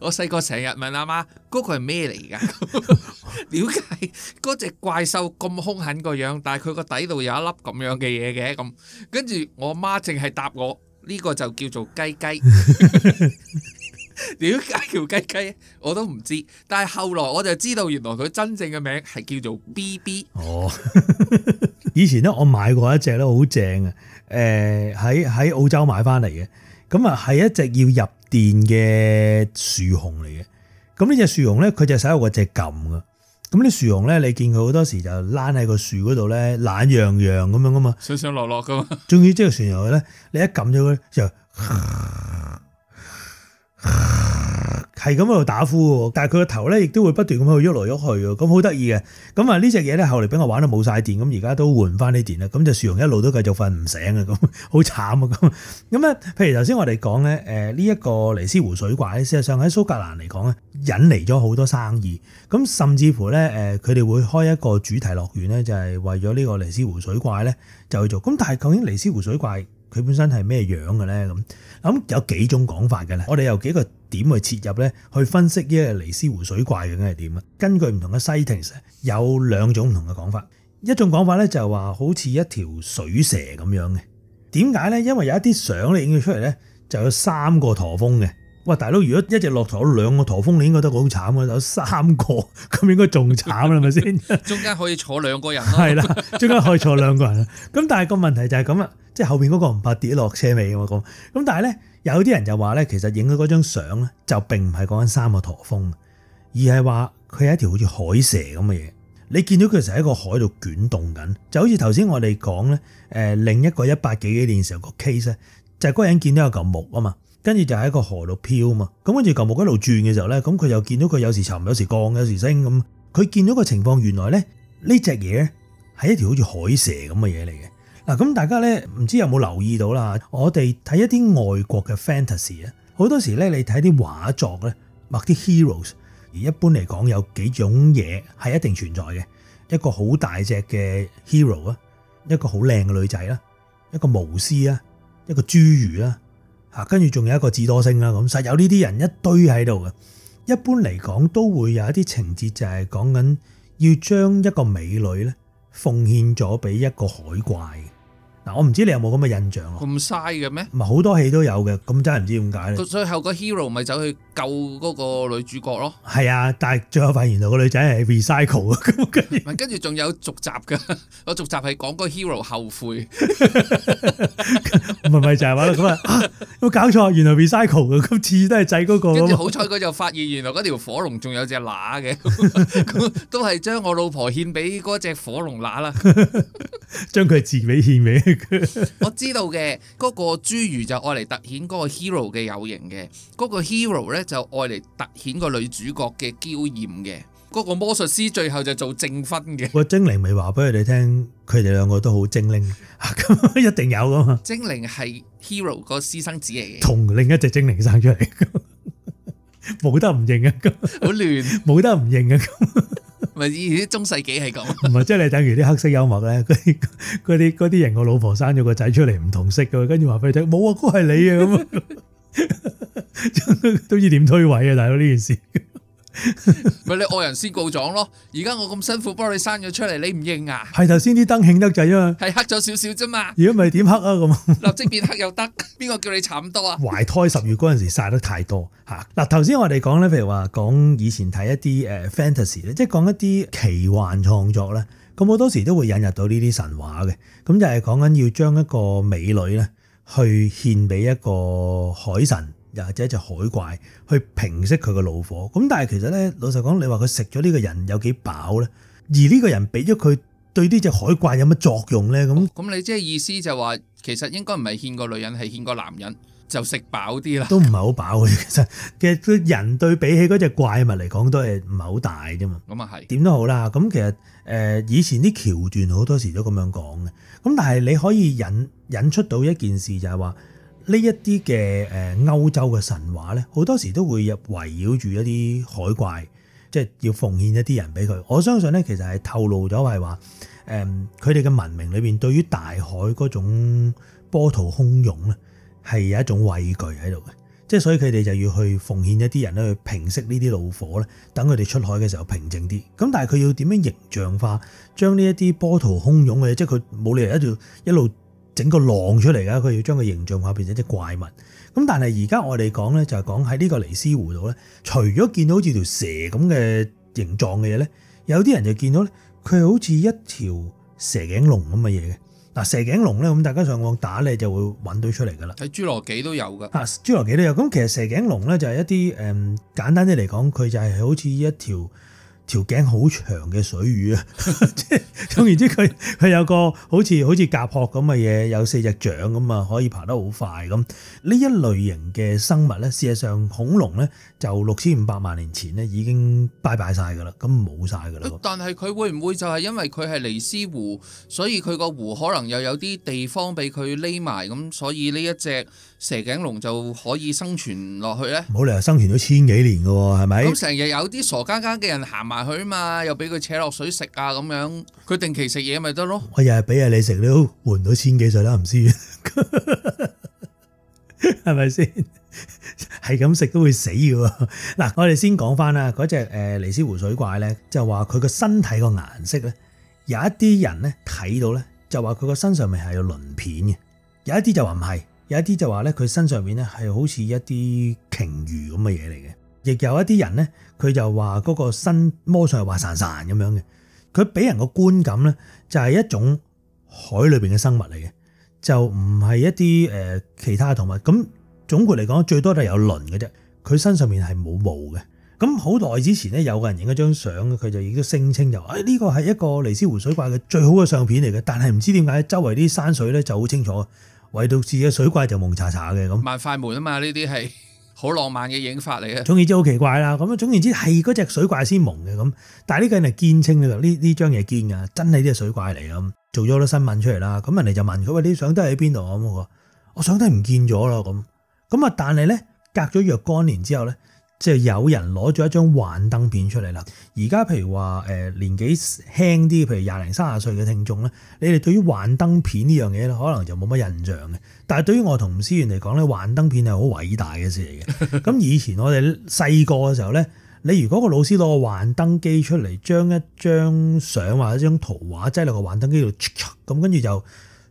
我細個成日問阿媽，嗰個係咩嚟噶？了解，嗰隻怪獸咁凶狠個樣，但係佢個底度有一粒咁樣嘅嘢嘅咁。跟住我媽淨係答我。呢、呢個就叫做雞雞，點解叫雞雞啊，我都唔知，但係後來我就知道原來佢真正嘅名係叫做 BB。哦， 以前咧我買過一隻咧，好正呀，誒喺喺澳洲買翻嚟嘅。咁啊係一隻要入電嘅樹熊嚟嘅，咁呢隻樹熊咧佢隻手有個隻撳噶。咁啲樹熊咧，你見佢好多時就躝喺個樹嗰度咧，懶洋洋咁樣噶嘛，上上落落噶嘛，仲要即係樹熊咧，你一撳咗佢就哼。係咁喺度打呼，但係佢個頭咧，亦都會不斷咁喺度喐來喐去嘅，咁好得意嘅。咁啊呢隻嘢咧，後嚟俾我玩到冇晒電，咁而家都換翻啲電啦。咁就樹熊一路都繼續瞓唔醒嘅，咁好慘啊！咁咁咧，譬如頭先我哋講咧，誒呢一個尼斯湖水怪咧，事實上喺蘇格蘭嚟講咧，引嚟咗好多生意。咁甚至乎咧，誒佢哋會開一個主題樂園咧，就係為咗呢個尼斯湖水怪咧就去做。咁但係究竟尼斯湖水怪佢本身係咩樣嘅咧？咁咁、嗯、有幾種講法嘅咧？我哋由幾個點去切入咧，去分析呢個尼斯湖水怪究竟係點啊？根據唔同嘅 sightings，有兩種唔同嘅講法。一種講法咧就係話好似一條水蛇咁樣嘅。點解咧？因為有一啲相咧影咗出嚟咧，就有三個陀峰嘅。哇！大佬，如果一隻駱駝有兩個駝峯，你應該都好慘嘅。有三個咁應該仲慘啦，係咪先？中間可以坐兩個人啊！係啦，中間可以坐兩個人。咁但係個問題就係咁啊，即係後邊嗰個唔怕跌落車尾嘅喎咁。咁、那個、但係咧，有啲人就話咧，其實影咗嗰張相咧，就並唔係講緊三個駝峰，而係話佢係一條好似海蛇咁嘅嘢。你見到佢成日喺個海度捲動緊，就好似頭先我哋講咧，誒另一個一百幾幾年時候個 case 咧。就係嗰個人見到有嚿木啊嘛，跟住就喺個河度漂啊嘛，咁跟住嚿木一路轉嘅時候咧，咁佢又見到佢有時沉、有時降、有時升咁，佢見到個情況原來咧，呢隻嘢係一條好似海蛇咁嘅嘢嚟嘅。嗱，咁大家咧唔知有冇留意到啦？我哋睇一啲外國嘅 fantasy 啊，好多時咧你睇啲畫作咧畫啲 heroes，而一般嚟講有幾種嘢係一定存在嘅，一個好大隻嘅 hero 啊，一個好靚嘅女仔啦，一個巫師啊。一個侏儒啦，吓，跟住仲有一個智多星啦，咁實有呢啲人一堆喺度嘅。一般嚟講都會有一啲情節就係講緊要將一個美女咧奉獻咗俾一個海怪。嗱，我唔知你有冇咁嘅印象咯？咁嘥嘅咩？唔係好多戲都有嘅，咁真係唔知點解咧？到最後個 hero 咪走去。救嗰個女主角咯，係啊！但係最後發現原來個女仔係 recycle 嘅咁跟住仲有續集嘅，我續集係講個 hero 後悔，唔係唔係就係話咁啊！有搞錯，原來 recycle 嘅，今次都係仔嗰個，跟住好彩佢就發現原來嗰條火龍仲有隻乸嘅， 都係將我老婆獻俾嗰隻火龍乸啦，將佢字尾獻俾佢。我知道嘅嗰個侏儒就愛嚟凸顯嗰個 hero 嘅有型嘅，嗰個 hero 咧。就愛嚟突顯個女主角嘅嬌艷嘅，嗰個魔術師最後就做證婚嘅。喂，精靈咪話俾佢哋聽，佢哋兩個都好精靈， 一定有噶嘛？精靈係 hero 個私生子嚟嘅，同另一隻精靈生出嚟，冇 得唔認啊咁好 亂，冇得唔認啊咁咪以前啲中世紀係咁。唔 係，即係你等於啲黑色幽默咧，嗰啲啲人個老婆生咗個仔出嚟唔同色嘅，跟住話俾佢聽冇啊，哥係你啊咁。 都 知點推諉啊！大佬呢件事，咪 你惡人先告狀咯。而家我咁辛苦幫你生咗出嚟，你唔認呀？係頭先啲燈慶得滯啊嘛，係黑咗少少啫嘛。如果唔係點黑啊咁？ 立即變黑又得？邊個叫你慘多啊？懷 胎十月嗰陣時曬得太多吓。嗱、啊，頭先我哋講咧，譬如話講以前睇一啲誒 fantasy 咧，即係講一啲奇幻創作咧，咁好多時都會引入到呢啲神話嘅。咁就係講緊要將一個美女咧。去獻俾一個海神，又或者一隻海怪去平息佢嘅怒火。咁但係其實咧，老實講，你話佢食咗呢個人有幾飽咧？而呢個人俾咗佢對呢隻海怪有乜作用咧？咁、哦、咁你即係意思就話，其實應該唔係獻個女人，係獻個男人。就食飽啲啦，都唔係好飽嘅。其實，其實人對比起嗰隻怪物嚟講，都係唔係好大啫嘛。咁啊係，點都好啦。咁其實以前啲橋段好多時都咁樣講嘅。咁但係你可以引引出到一件事就，就係話呢一啲嘅誒歐洲嘅神話咧，好多時都會入圍繞住一啲海怪，即係要奉獻一啲人俾佢。我相信咧，其實係透露咗係話佢哋嘅文明裏面對於大海嗰種波濤洶湧啊。係有一種畏懼喺度嘅，即係所以佢哋就要去奉獻一啲人咧去平息呢啲怒火咧，等佢哋出海嘅時候平靜啲。咁但係佢要點樣形象化，將呢一啲波濤洶湧嘅，即係佢冇理由一路一路整個浪出嚟㗎，佢要將佢形象化變成一隻怪物。咁但係而家我哋講咧就係講喺呢個尼斯湖度咧，除咗見到好似條蛇咁嘅形狀嘅嘢咧，有啲人就見到咧，佢好似一條蛇頸龍咁嘅嘢嘅。嗱，蛇頸龍咧，咁大家上網打咧就會揾到出嚟㗎啦。喺侏羅紀都有㗎。啊，侏羅紀都有。咁其實蛇頸龍咧就係一啲誒簡單啲嚟講，佢就係好似一條條頸好長嘅水魚啊！即係，總言之佢佢有個好似好似甲殼咁嘅嘢，有四隻掌咁啊，可以爬得好快咁。呢一類型嘅生物呢，事實上恐龍呢，就六千五百萬年前呢已經拜拜晒噶啦，咁冇晒噶啦。但係佢會唔會就係因為佢係尼斯湖，所以佢個湖可能又有啲地方俾佢匿埋咁，所以呢一隻？蛇頸龍就可以生存落去咧，冇理由生存咗千幾年噶，係咪？咁成日有啲傻更更嘅人行埋去啊嘛，又俾佢扯落水食啊，咁樣佢定期食嘢咪得咯？我日日俾日你食，你都活唔到千幾歲啦，唔知，係咪先？係咁食都會死噶嗱。 我哋先講翻啦，嗰隻誒尼斯湖水怪咧，就話佢個身體個顏色咧，有一啲人咧睇到咧，就話佢個身上面係有鱗片嘅，有一啲就話唔係。有，些一些有一啲就話咧，佢身上面咧係好似一啲鯨魚咁嘅嘢嚟嘅，亦有一啲人咧，佢就話嗰個身摸上係滑潺潺咁樣嘅，佢俾人個觀感咧就係一種海裏邊嘅生物嚟嘅，就唔係一啲誒其他動物。咁總括嚟講，最多都係有鱗嘅啫，佢身上面係冇毛嘅。咁好耐之前咧，有個人影咗張相，佢就已經聲稱就話誒呢個係一個尼斯湖水怪嘅最好嘅相片嚟嘅，但係唔知點解周圍啲山水咧就好清楚。唯獨是嘅水怪就蒙查查嘅咁，慢快門啊嘛，呢啲係好浪漫嘅影法嚟嘅。總言之好奇怪啦，咁總言之係嗰隻水怪先蒙嘅咁，但係呢個人係堅稱嘅，呢呢張嘢堅嘅，真係啲水怪嚟咁，做咗好多新聞出嚟啦。咁人哋就問佢話你啲相都喺邊度？我話我相都唔見咗啦咁。咁啊但係咧隔咗若干年之後咧。即係有人攞咗一張幻燈片出嚟啦。而家譬如話誒年紀輕啲，譬如廿零、卅歲嘅聽眾咧，你哋對於幻燈片呢樣嘢咧，可能就冇乜印象嘅。但係對於我同思遠嚟講咧，幻燈片係好偉大嘅事嚟嘅。咁以前我哋細個嘅時候咧，你如果個老師攞個幻燈機出嚟，將一張相或者一張圖畫擠落個幻燈機度，咁跟住就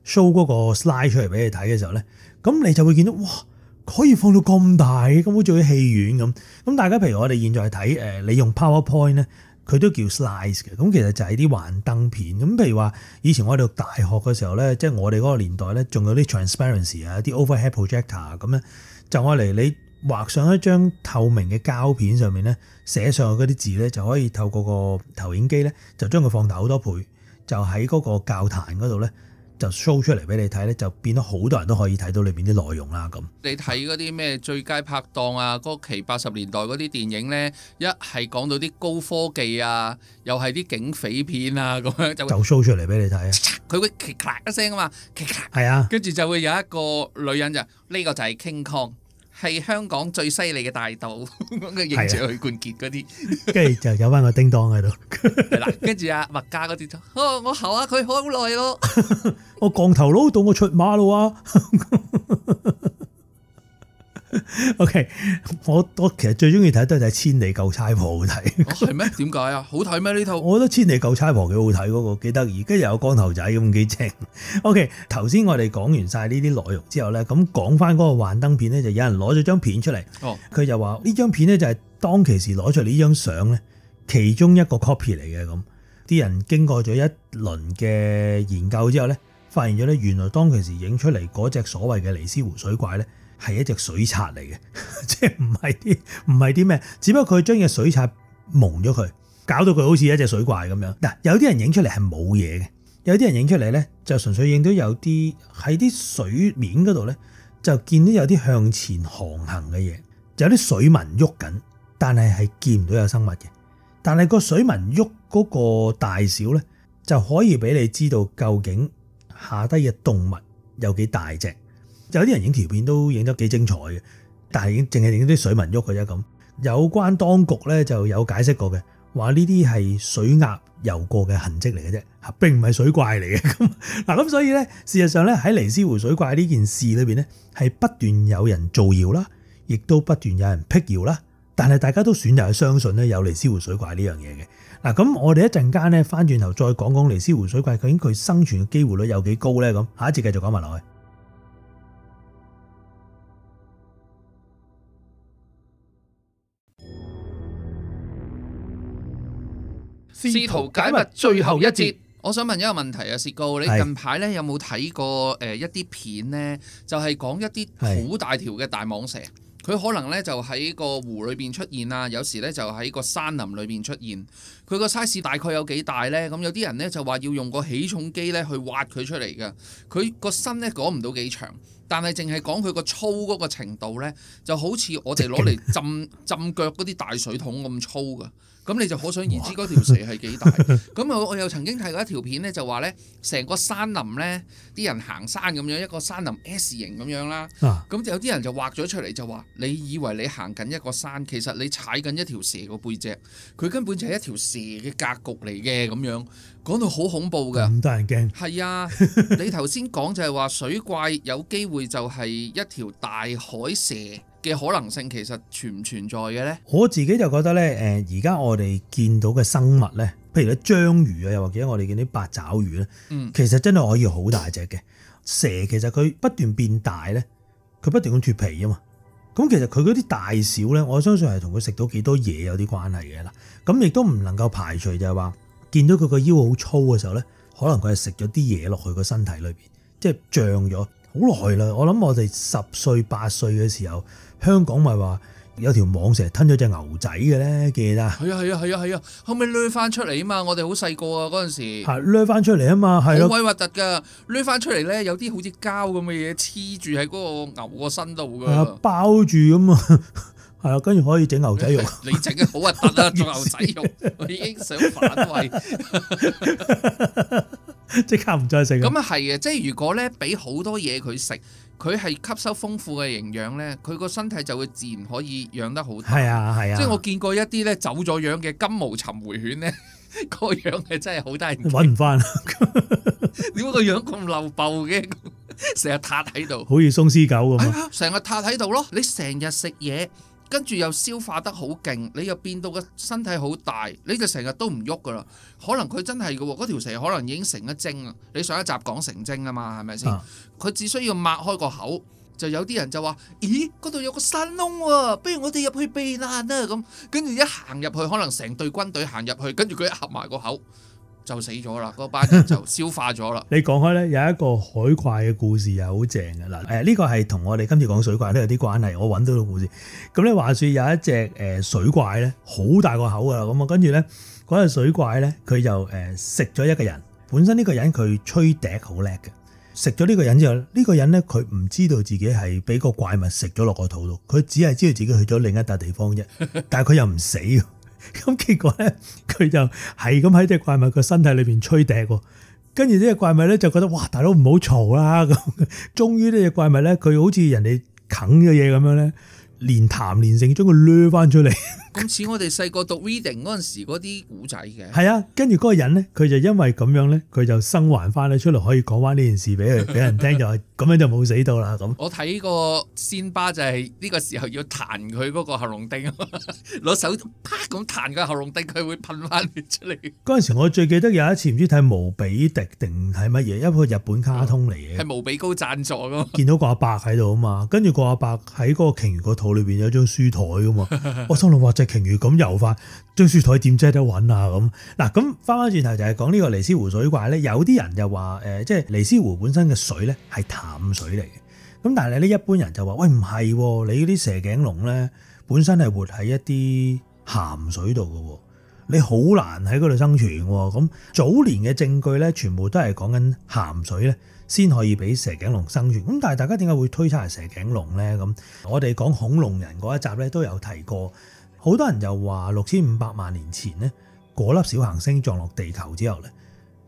show 嗰個 slide 出嚟俾你睇嘅時候咧，咁你就會見到哇！可以放到咁大，咁好似喺戲院咁。咁大家，譬如我哋現在睇你用 PowerPoint 咧，佢都叫 slide 嘅。咁其實就係啲幻燈片。咁譬如話，以前我哋讀大學嘅時候咧，即係我哋嗰個年代咧，仲有啲 transparency 啊，啲 overhead projector 咁咧，就我嚟你畫上一張透明嘅膠片上面咧，寫上去嗰啲字咧，就可以透過個投影機咧，就將佢放大好多倍，就喺嗰個教壇嗰度咧。就 show 出嚟俾你睇咧，就變咗好多人都可以睇到裏面啲內容啦。咁你睇嗰啲咩最佳拍檔啊，嗰期八十年代嗰啲電影咧，一係講到啲高科技啊，又係啲警匪片啊，咁樣就就 show 出嚟俾你睇啊！佢會咔咔一聲啊嘛，咔咔，係啊，跟住就會有一個女人就呢個就係 King Kong。係香港最犀利嘅大盜，跟嘅迎住許冠傑嗰啲，跟住就有翻個叮當喺度。跟住阿麥嘉嗰啲，我我考下佢好耐咯。 我降頭佬到我出馬咯。 O K，我我其實最中意睇都係睇《千里救差婆好睇，哦》好睇。係咩？點解啊？好睇咩？呢套？我覺得《千里救差婆看》幾好睇，嗰個幾得意，而家又有光頭仔咁幾正。O K，頭先我哋講完晒呢啲內容之後咧，咁講翻嗰個幻燈片咧，就有人攞咗張片出嚟。佢、哦、就話呢張片咧就係當其時攞出嚟呢張相咧，其中一個 copy 嚟嘅咁。啲人經過咗一輪嘅研究之後咧，發現咗咧，原來當其時影出嚟嗰隻所謂嘅尼斯湖水怪咧，係一隻水刷嚟嘅，即係唔係啲唔係啲咩，只不過佢將隻水刷蒙咗佢，搞到佢好似一隻水怪咁樣。嗱，有啲人影出嚟係冇嘢嘅，有啲人影出嚟咧就純粹影到有啲喺啲水面嗰度咧，就見到有啲向前航行嘅嘢，有啲水紋喐緊，但係係見唔到有生物嘅。但係個水紋喐嗰個大小咧，就可以俾你知道究竟下低嘅動物有幾大隻。有啲人影條片都影得幾精彩嘅，但係淨係影啲水文喐嘅啫咁。有關當局咧就有解釋過嘅，話呢啲係水鴨游過嘅痕跡嚟嘅啫，嚇並唔係水怪嚟嘅。咁嗱咁，所以咧事實上咧喺尼斯湖水怪呢件事裏邊咧，係不斷有人造謠啦，亦都不斷有人辟謠啦。但係大家都選擇相信咧有尼斯湖水怪呢樣嘢嘅。嗱咁，我哋一陣間咧翻轉頭再講講尼斯湖水怪究竟佢生存嘅機會率有幾高咧咁。下一節繼續講埋落去。試圖解，解密最後一節，我想問一個問題啊，薛高，你近排呢有冇睇過誒一啲片呢？就係、是、講一啲好大條嘅大蟒蛇，佢可能呢就喺個湖裏邊出現啊，有時呢就喺個山林裏邊出現。佢個 size 大概有幾大呢？咁有啲人呢就話要用個起重機呢去挖佢出嚟㗎，佢個身呢講唔到幾長。但係淨係講佢個粗嗰個程度呢，就好似我哋攞嚟浸浸腳嗰啲大水桶咁粗噶。咁你就可想而知嗰條蛇係幾大。咁我 我又曾經睇過一條片呢，就話呢成個山林呢啲人行山咁樣，一個山林 S 型咁樣啦。咁就有啲人就畫咗出嚟就話：你以為你行緊一個山，其實你踩緊一條蛇個背脊，佢根本就係一條蛇嘅格局嚟嘅咁樣。講到好恐怖噶，咁多人驚係啊！ 你頭先講就係話水怪有機會就係一條大海蛇嘅可能性，其實存唔存在嘅咧？我自己就覺得咧，誒，而家我哋見到嘅生物咧，譬如呢章魚啊，又或者我哋見啲八爪魚咧，嗯，其實真係可以好大隻嘅蛇。其實佢不斷變大咧，佢不斷咁脱皮啊嘛。咁其實佢嗰啲大小咧，我相信係同佢食到幾多嘢有啲關係嘅啦。咁亦都唔能夠排除就係話。見到佢個腰好粗嘅時候咧，可能佢係食咗啲嘢落去個身體裏邊，即係脹咗好耐啦。我諗我哋十歲八歲嘅時候，香港咪話有條蟒成日吞咗隻牛仔嘅咧，記得？係啊係啊係啊係啊，後尾攣翻出嚟啊嘛！我哋好細個啊嗰陣時係攣翻出嚟啊嘛，係咯，啊，好鬼核突㗎！攣翻出嚟咧，有啲好似膠咁嘅嘢黐住喺嗰個牛個身度㗎，包住咁啊。係啦，跟住可以整牛仔肉。你整嘅好核突啊！做牛仔肉，我已經想反胃。即 刻唔再食。咁 啊，係嘅，即係如果咧俾好多嘢佢食，佢係吸收豐富嘅營養咧，佢個身體就會自然可以養得好。係啊，係啊。即係我見過一啲咧走咗樣嘅金毛尋回犬咧，啊、 個樣係真係好得人驚，揾唔翻。點解個樣咁漏爆嘅？成日塌喺度。好似鬆獅狗咁。成日塌喺度咯，你成日食嘢。跟住又消化得好勁，你又變到個身體好大，你就成日都唔喐噶啦。可能佢真係嘅喎，嗰條蛇可能已經成一精喇！你上一集講成精啊嘛，係咪先？佢、嗯、只需要擘開個口，就有啲人就話：咦，嗰度有個山窿喎，啊，不如我哋入去避難啊！咁跟住一行入去，可能成隊軍隊行入去，跟住佢一合埋個口。就死咗啦，個巴就消化咗啦。 你講開咧，有一個海怪嘅故事又好正㗎喇誒，呢個係同我哋今次講水怪都有啲關係。我揾到個故事，咁咧話説有一隻誒水怪咧，好大個口㗎喇，咁啊跟住咧嗰隻水怪咧，佢就誒食咗一個人。本身呢個人佢吹笛好叻嘅，食咗呢個人之後，呢個人咧佢唔知道自己係俾個怪物食咗落個肚度，佢只係知道自己去咗另一笪地方啫，但係佢又唔死。 咁結果咧，佢就係咁喺隻怪物個身體裏邊吹笛喎，跟住呢隻怪物咧就覺得哇，大佬唔好嘈啦咁。終於呢隻怪物咧，佢好似人哋啃嘅嘢咁樣咧，連談連成將佢掠翻出嚟。似我哋細個讀 reading 嗰陣時嗰啲古仔嘅，係啊，跟住嗰個人咧，佢就因為咁樣咧，佢就生還翻你出嚟，可以講翻呢件事俾佢俾人聽，就係咁樣就冇死到啦咁。我睇個仙巴就係呢個時候要彈佢嗰個喉嚨釘，攞手啪咁彈個喉嚨釘，佢會噴翻出嚟。嗰陣時我最記得有一次唔知睇無比迪定係乜嘢，因為日本卡通嚟嘅，係 無比高贊助咯。 見到個阿伯喺度啊嘛，跟住個阿伯喺嗰個鯨魚個肚裏邊有張書台噶嘛，我心諗話鯨魚咁又翻堆雪台點啫得揾啊，咁，嗱，咁翻返轉頭，就係講呢個尼斯湖水怪咧，有啲人就話誒，即係尼斯湖本身嘅水咧係淡水嚟嘅，咁但係呢一般人就話喂，唔係你嗰啲蛇頸龍咧本身係活喺一啲鹹水度嘅喎，你好難喺嗰度生存喎。咁早年嘅證據咧全部都係講緊鹹水咧先可以俾蛇頸龍生存，咁但係大家點解會推測係蛇頸龍咧？咁我哋講恐龍人嗰一集咧都有提過。好多人又話六千五百萬年前呢，嗰粒小行星撞落地球之後呢，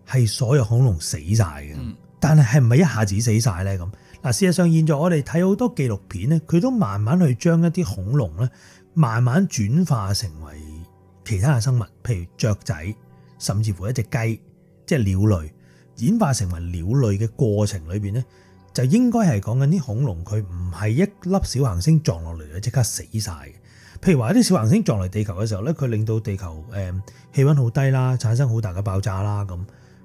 係所有恐龍死晒嘅。但係係咪一下子死晒呢？咁嗱，事實上現在我哋睇好多紀錄片呢，佢都慢慢去將一啲恐龍慢慢轉化成為其他嘅生物，譬如雀仔，甚至乎一隻雞，即係鳥類，演化成為鳥類嘅過程裏邊呢，就應該係講緊啲恐龍，佢唔係一粒小行星撞落嚟就即刻死晒。譬如話一啲小行星撞嚟地球嘅時候咧，佢令到地球誒氣溫好低啦，產生好大嘅爆炸啦咁。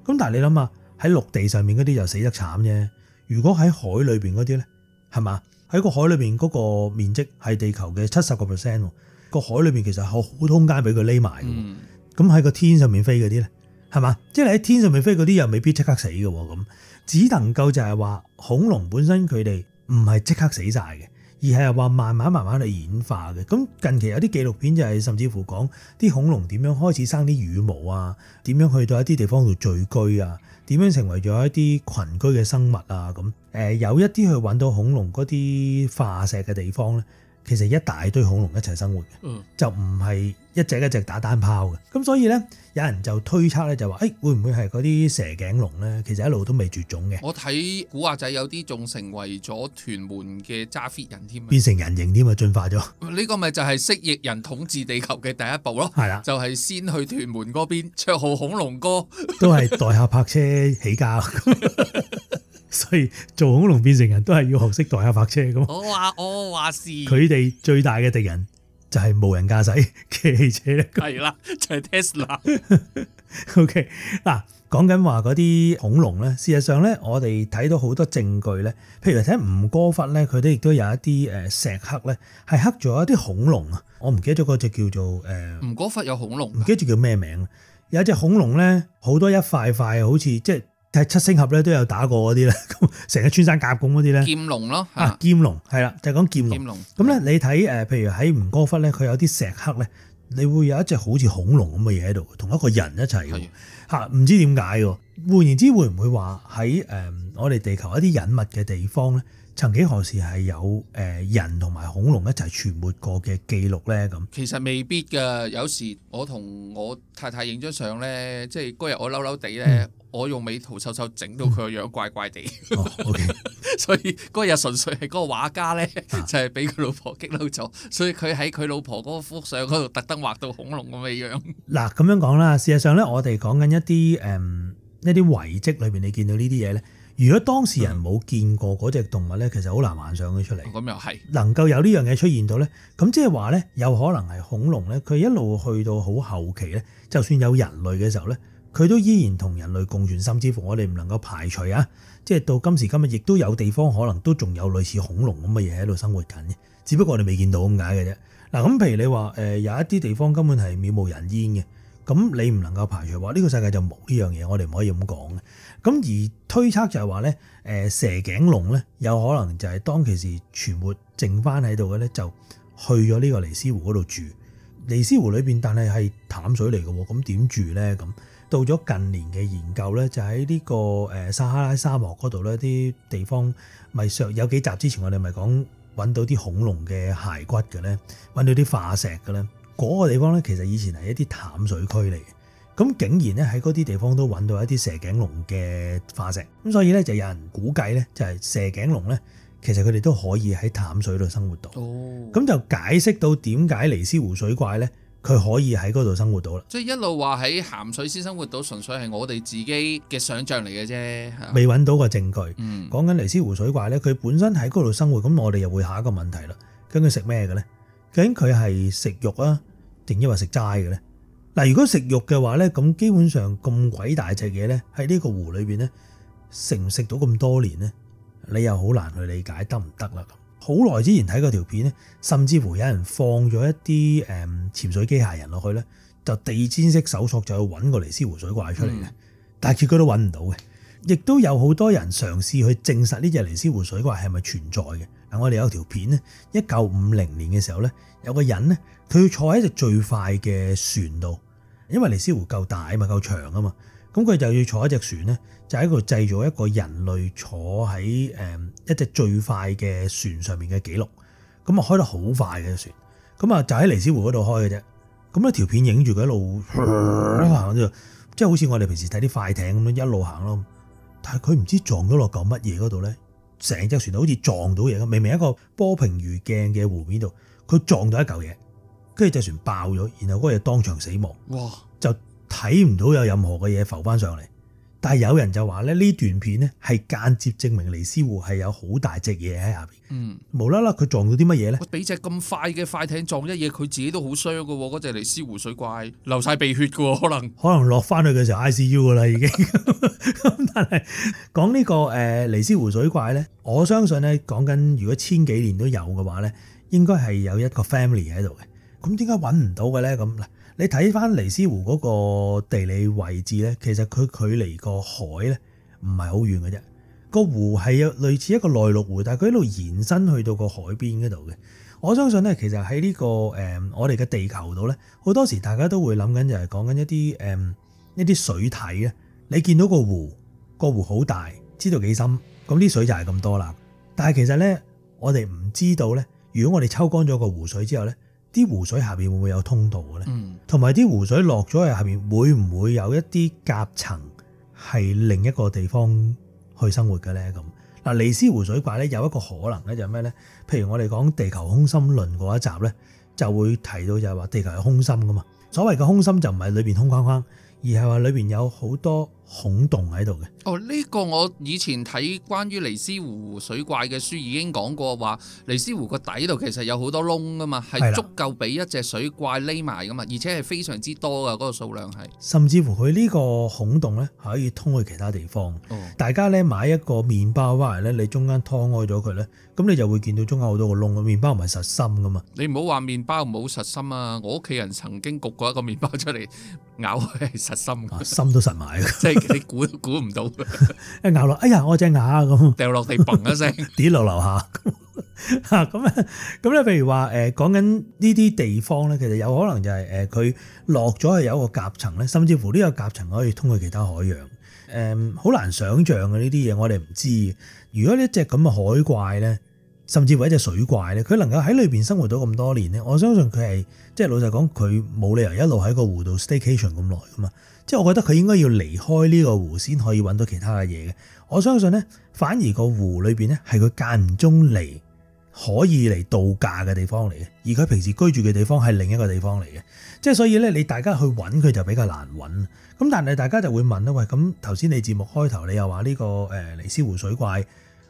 咁但係你諗下，喺陸地上面嗰啲就死得慘啫。如果喺海裏邊嗰啲咧，係嘛？喺個海裏邊嗰個面積係地球嘅七十個 percent，個海裏邊其實好通街俾佢匿埋。咁喺個天上面飛嗰啲咧，係嘛？即係你喺天上面飛嗰啲又未必即刻死嘅。咁只能夠就係話恐龍本身佢哋唔係即刻死晒嘅。而係話慢慢慢慢嚟演化嘅，咁近期有啲紀錄片就係甚至乎講啲恐龍點樣開始生啲羽毛啊，點樣去到一啲地方度聚居啊，點樣成為咗一啲群居嘅生物啊咁，誒、呃、有一啲去揾到恐龍嗰啲化石嘅地方咧，其實一大堆恐龍一齊生活嘅，就唔係，一隻一隻打單炮嘅，咁所以呢，有人就推測呢，就話，誒，會唔會係嗰啲蛇頸龍呢？其實一路都未絕種嘅。我睇古惑仔有啲仲成為咗屯門嘅揸 fit 人添，變成人形添啊，進化咗。呢個咪就係蜥蜴人統治地球嘅第一步咯。係啦，就係先去屯門嗰邊，綽號恐龍哥，都係代客泊車起家。 所以做恐龍變成人都係要學識代客泊車咁。我話我話事，佢哋最大嘅敵人，就係無人駕駛嘅汽車咧，係啦，就係 Tesla。 OK，嗱，講緊話嗰啲恐龍咧，事實上咧，我哋睇到好多證據咧，譬如睇吳哥窟咧，佢哋亦都有一啲誒石刻咧，係刻咗一啲恐龍啊！我唔記得咗嗰隻叫做誒。吳哥窟有恐龍？唔記得住叫咩名？有一隻恐龍咧，好多一塊塊，好似即係。睇七星俠咧都有打過嗰啲咧，成個穿山甲公嗰啲咧，劍龍咯，啊劍龍係啦，就講劍龍。咁咧，就是、你睇誒，譬如喺吳哥窟咧，佢有啲石刻咧，你會有一隻好似恐龍咁嘅嘢喺度，同一個人一齊吓，唔知點解喎？換言之，會唔會話喺誒我哋地球一啲隱密嘅地方咧？曾幾何時係有誒人同埋恐龍一齊存活過嘅記錄咧？咁其實未必㗎。有時我同我太太影張相咧，即係嗰日我嬲嬲地咧，我用美圖秀秀整到佢個樣怪怪地、嗯哦 okay 啊。所以嗰日純粹係嗰個畫家咧，就係俾佢老婆激嬲咗，所以佢喺佢老婆嗰幅相嗰度特登畫到恐龍咁嘅樣。嗱，咁樣講啦，事實上咧，我哋講緊一啲誒一啲遺跡裏邊，你見到呢啲嘢咧。如果當事人冇見過嗰隻動物咧、嗯，其實好難幻想佢出嚟。咁又係能夠有呢樣嘢出現到咧，咁即係話咧，有可能係恐龍咧，佢一路去到好後期咧，就算有人類嘅時候咧，佢都依然同人類共存，甚至乎我哋唔能夠排除啊，即係到今時今日，亦都有地方可能都仲有類似恐龍咁嘅嘢喺度生活緊嘅，只不過我哋未見到咁解嘅啫。嗱，咁譬如你話誒有一啲地方根本係渺無人煙嘅，咁你唔能夠排除話呢個世界就冇呢樣嘢，我哋唔可以咁講嘅。咁而推測就係話咧，誒蛇頸龍咧有可能就係當其時存活剩翻喺度嘅咧，就去咗呢個尼斯湖嗰度住。尼斯湖裏面但係係淡水嚟嘅喎，咁點住咧？咁到咗近年嘅研究咧，就喺呢個誒撒哈拉沙漠嗰度咧，啲地方咪上有幾集之前我哋咪講揾到啲恐龍嘅骸骨嘅咧，揾到啲化石嘅咧，嗰個地方咧其實以前係一啲淡水區嚟嘅。咁竟然咧喺嗰啲地方都揾到一啲蛇頸龍嘅化石，咁所以咧就有人估計咧就係蛇頸龍咧，其實佢哋都可以喺淡水度生活到。哦，咁就解釋到點解尼斯湖水怪咧，佢可以喺嗰度生活到啦。即係一路話喺鹹水先生活到，活到純粹係我哋自己嘅想像嚟嘅啫。未揾到個證據。嗯，講緊尼斯湖水怪咧，佢本身喺嗰度生活，咁我哋又會下一個問題啦。咁佢食咩嘅咧？究竟佢係食肉啊，定抑或食齋嘅咧？嗱，如果食肉嘅話咧，咁基本上咁鬼大隻嘢咧，喺呢個湖裏邊咧，食唔食到咁多年咧，你又好難去理解得唔得啦。好耐之前睇過條片咧，甚至乎有人放咗一啲誒潛水機械人落去咧，就地氈式搜索就去揾個尼斯湖水怪出嚟嘅，但係結果都揾唔到嘅。亦都有好多人嘗試去證實呢隻尼斯湖水怪係咪存在嘅。但我哋有條片咧，一九五零年嘅時候咧，有個人咧。佢要坐喺隻最快嘅船度，因為尼斯湖夠大啊嘛，夠長啊嘛，咁佢就要坐喺隻船咧，就喺、是、度製造一個人類坐喺誒一隻最快嘅船上面嘅記錄。咁啊，開得好快嘅船，咁啊就喺尼斯湖嗰度開嘅啫。咁咧條片影住佢一路行， 就即係好似我哋平時睇啲快艇咁樣一路行咯。但係佢唔知撞咗落嚿乜嘢嗰度咧，成隻船好似撞到嘢咁，明明一個波平如鏡嘅湖面度，佢撞到一嚿嘢。跟住隻船爆咗，然後嗰個嘢當場死亡。哇！就睇唔到有任何嘅嘢浮翻上嚟。但係有人就話咧，呢段片咧係間接證明尼斯湖係有好大隻嘢喺下邊。嗯，無啦啦佢撞到啲乜嘢咧？俾隻咁快嘅快艇撞一嘢，佢自己都好傷喎。嗰隻尼斯湖水怪流晒鼻血嘅，可能可能落翻去嘅時候 I C U 㗎啦已經。咁 但係講呢個誒尼斯湖水怪咧，我相信咧講緊如果千幾年都有嘅話咧，應該係有一個 family 喺度嘅。咁點解揾唔到嘅咧？咁嗱，你睇翻尼斯湖嗰個地理位置咧，其實佢距離個海咧唔係好遠嘅啫。個湖係有類似一個內陸湖，但佢喺度延伸去到個海邊嗰度嘅。我相信咧，其實喺呢個誒、嗯、我哋嘅地球度咧，好多時大家都會諗緊就係講緊一啲誒、嗯、一啲水體咧。你見到個湖，個湖好大，知道幾深，咁啲水就係咁多啦。但係其實咧，我哋唔知道咧，如果我哋抽乾咗個湖水之後咧。啲湖水下面會唔會有通道嘅咧？嗯，同埋啲湖水落咗去下面會唔會有一啲夾層係另一個地方去生活嘅咧？咁嗱，尼斯湖水怪咧有一個可能咧就係咩咧？譬如我哋講地球空心論嗰一集咧，就會提到就係話地球係空心噶嘛。所謂嘅空心就唔係裏邊空框框，而係話裏邊有好多。孔洞喺度嘅。哦，呢、呢個我以前睇關於尼斯湖水怪嘅書已經講過話，尼斯湖個底度其實有好多窿噶嘛，係足夠俾一隻水怪匿埋噶嘛，而且係非常之多噶嗰，個數量係甚至乎佢呢個孔洞咧，可以通去其他地方。哦、大家咧買一個麵包翻嚟咧，你中間拖開咗佢咧，咁你就會見到中間好多個窿。麵包唔係實心噶嘛。你唔好話麵包唔好實心啊！我屋企人曾經焗過一個麵包出嚟，咬佢係實心，啊，心都實埋嘅。 你估都估唔到， 咬落哎呀，我隻牙咁， 掉落地嘣一聲跌落樓下咁。咁咁咧，譬如話誒，講緊呢啲地方咧，其實有可能就係誒，佢落咗係有一個夾層咧，甚至乎呢個夾層可以通去其他海洋。誒，好難想象嘅呢啲嘢，我哋唔知。如果呢隻咁嘅海怪咧，甚至乎一隻水怪咧，佢能夠喺裏邊生活到咁多年咧，我相信佢係即係老實講，佢冇理由一路喺個湖度 staycation 咁耐噶嘛。即係我覺得佢應該要離開呢個湖先可以揾到其他嘅嘢嘅。我相信呢，反而個湖裏邊呢係佢間唔中嚟可以嚟度假嘅地方嚟嘅，而佢平時居住嘅地方係另一個地方嚟嘅。即係所以呢，你大家去揾佢就比較難揾。咁但係大家就會問啦，喂，咁頭先你節目開頭你又話呢個誒尼斯湖水怪，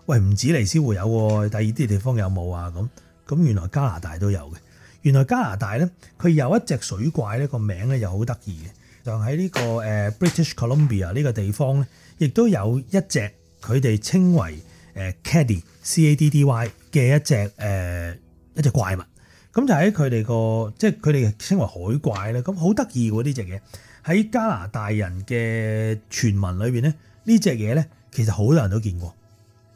喂唔止尼斯湖有，第二啲地方有冇啊？咁咁原來加拿大都有嘅。原來加拿大呢，佢有一隻水怪呢，個名呢又好得意嘅。就喺呢個誒 British Columbia 呢個地方咧，亦都有一隻佢哋稱為誒 Caddy C A D D Y 嘅一隻誒、呃、一隻怪物是他們。咁就喺佢哋個即係佢哋稱為海怪咧。咁好得意喎，呢隻嘢喺加拿大人嘅傳聞裏邊咧，呢隻嘢咧其實好多人都見過，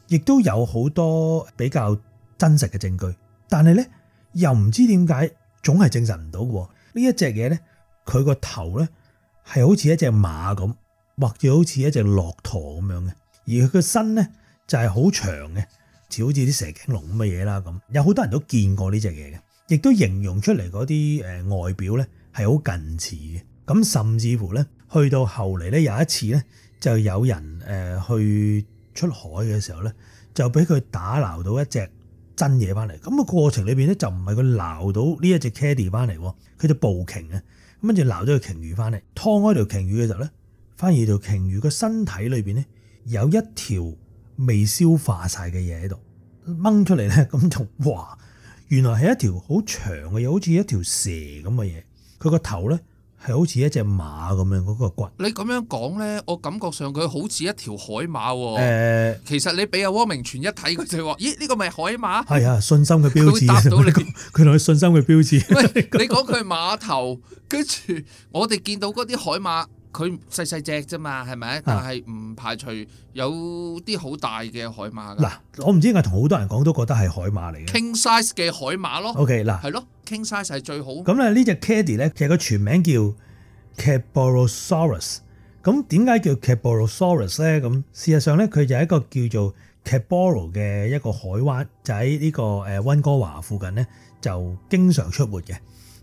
亦都有好多比較真實嘅證據。但係咧又唔知點解總係證實唔到嘅喎。呢一隻嘢咧，佢個頭咧～係好似一隻馬咁，或者好似一隻駱駝咁樣嘅，而佢個身咧就係好長嘅，似好似啲蛇頸龍咁嘅嘢啦咁。有好多人都見過呢隻嘢嘅，亦都形容出嚟嗰啲誒外表咧係好近似嘅。咁甚至乎咧，去到後嚟咧有一次咧，就有人誒去出海嘅時候咧，就俾佢打撈到一隻真嘢翻嚟。咁個過程裏邊咧就唔係佢撈到呢一隻 Caddy 翻嚟，佢就暴鯨啊！咁跟住撈咗條鯨魚翻嚟，拖開條鯨魚嘅時候咧，反而條鯨魚個身體裏邊咧有一條未消化晒嘅嘢喺度掹出嚟咧，咁就哇，原來係一條好長嘅嘢，好似一條蛇咁嘅嘢，佢個頭咧。係好似一隻馬咁樣嗰、那個骨。你咁樣講咧，我感覺上佢好似一條海馬喎。欸、其實你俾阿汪明荃一睇，佢就話：咦，呢個咪海馬？係啊、哎，信心嘅標誌。佢答到你，佢當佢信心嘅標誌。喂，你講佢馬頭，跟住 我哋見到嗰啲海馬。佢細細隻啫嘛，係咪？但係唔排除有啲好大嘅海馬㗎。嗱、啊，我唔知點解同好多人講都覺得係海馬嚟嘅。King size 嘅海馬咯。OK，嗱、啊，係咯，King size 係最好的。咁咧呢隻 Caddy 咧，其實佢全名叫 Cadborosaurus。咁點解叫 Cadborosaurus 咧？咁事實上咧，佢就係一個叫做 Cadboro 嘅一個海灣，就喺呢個誒溫哥華附近咧，就經常出沒嘅。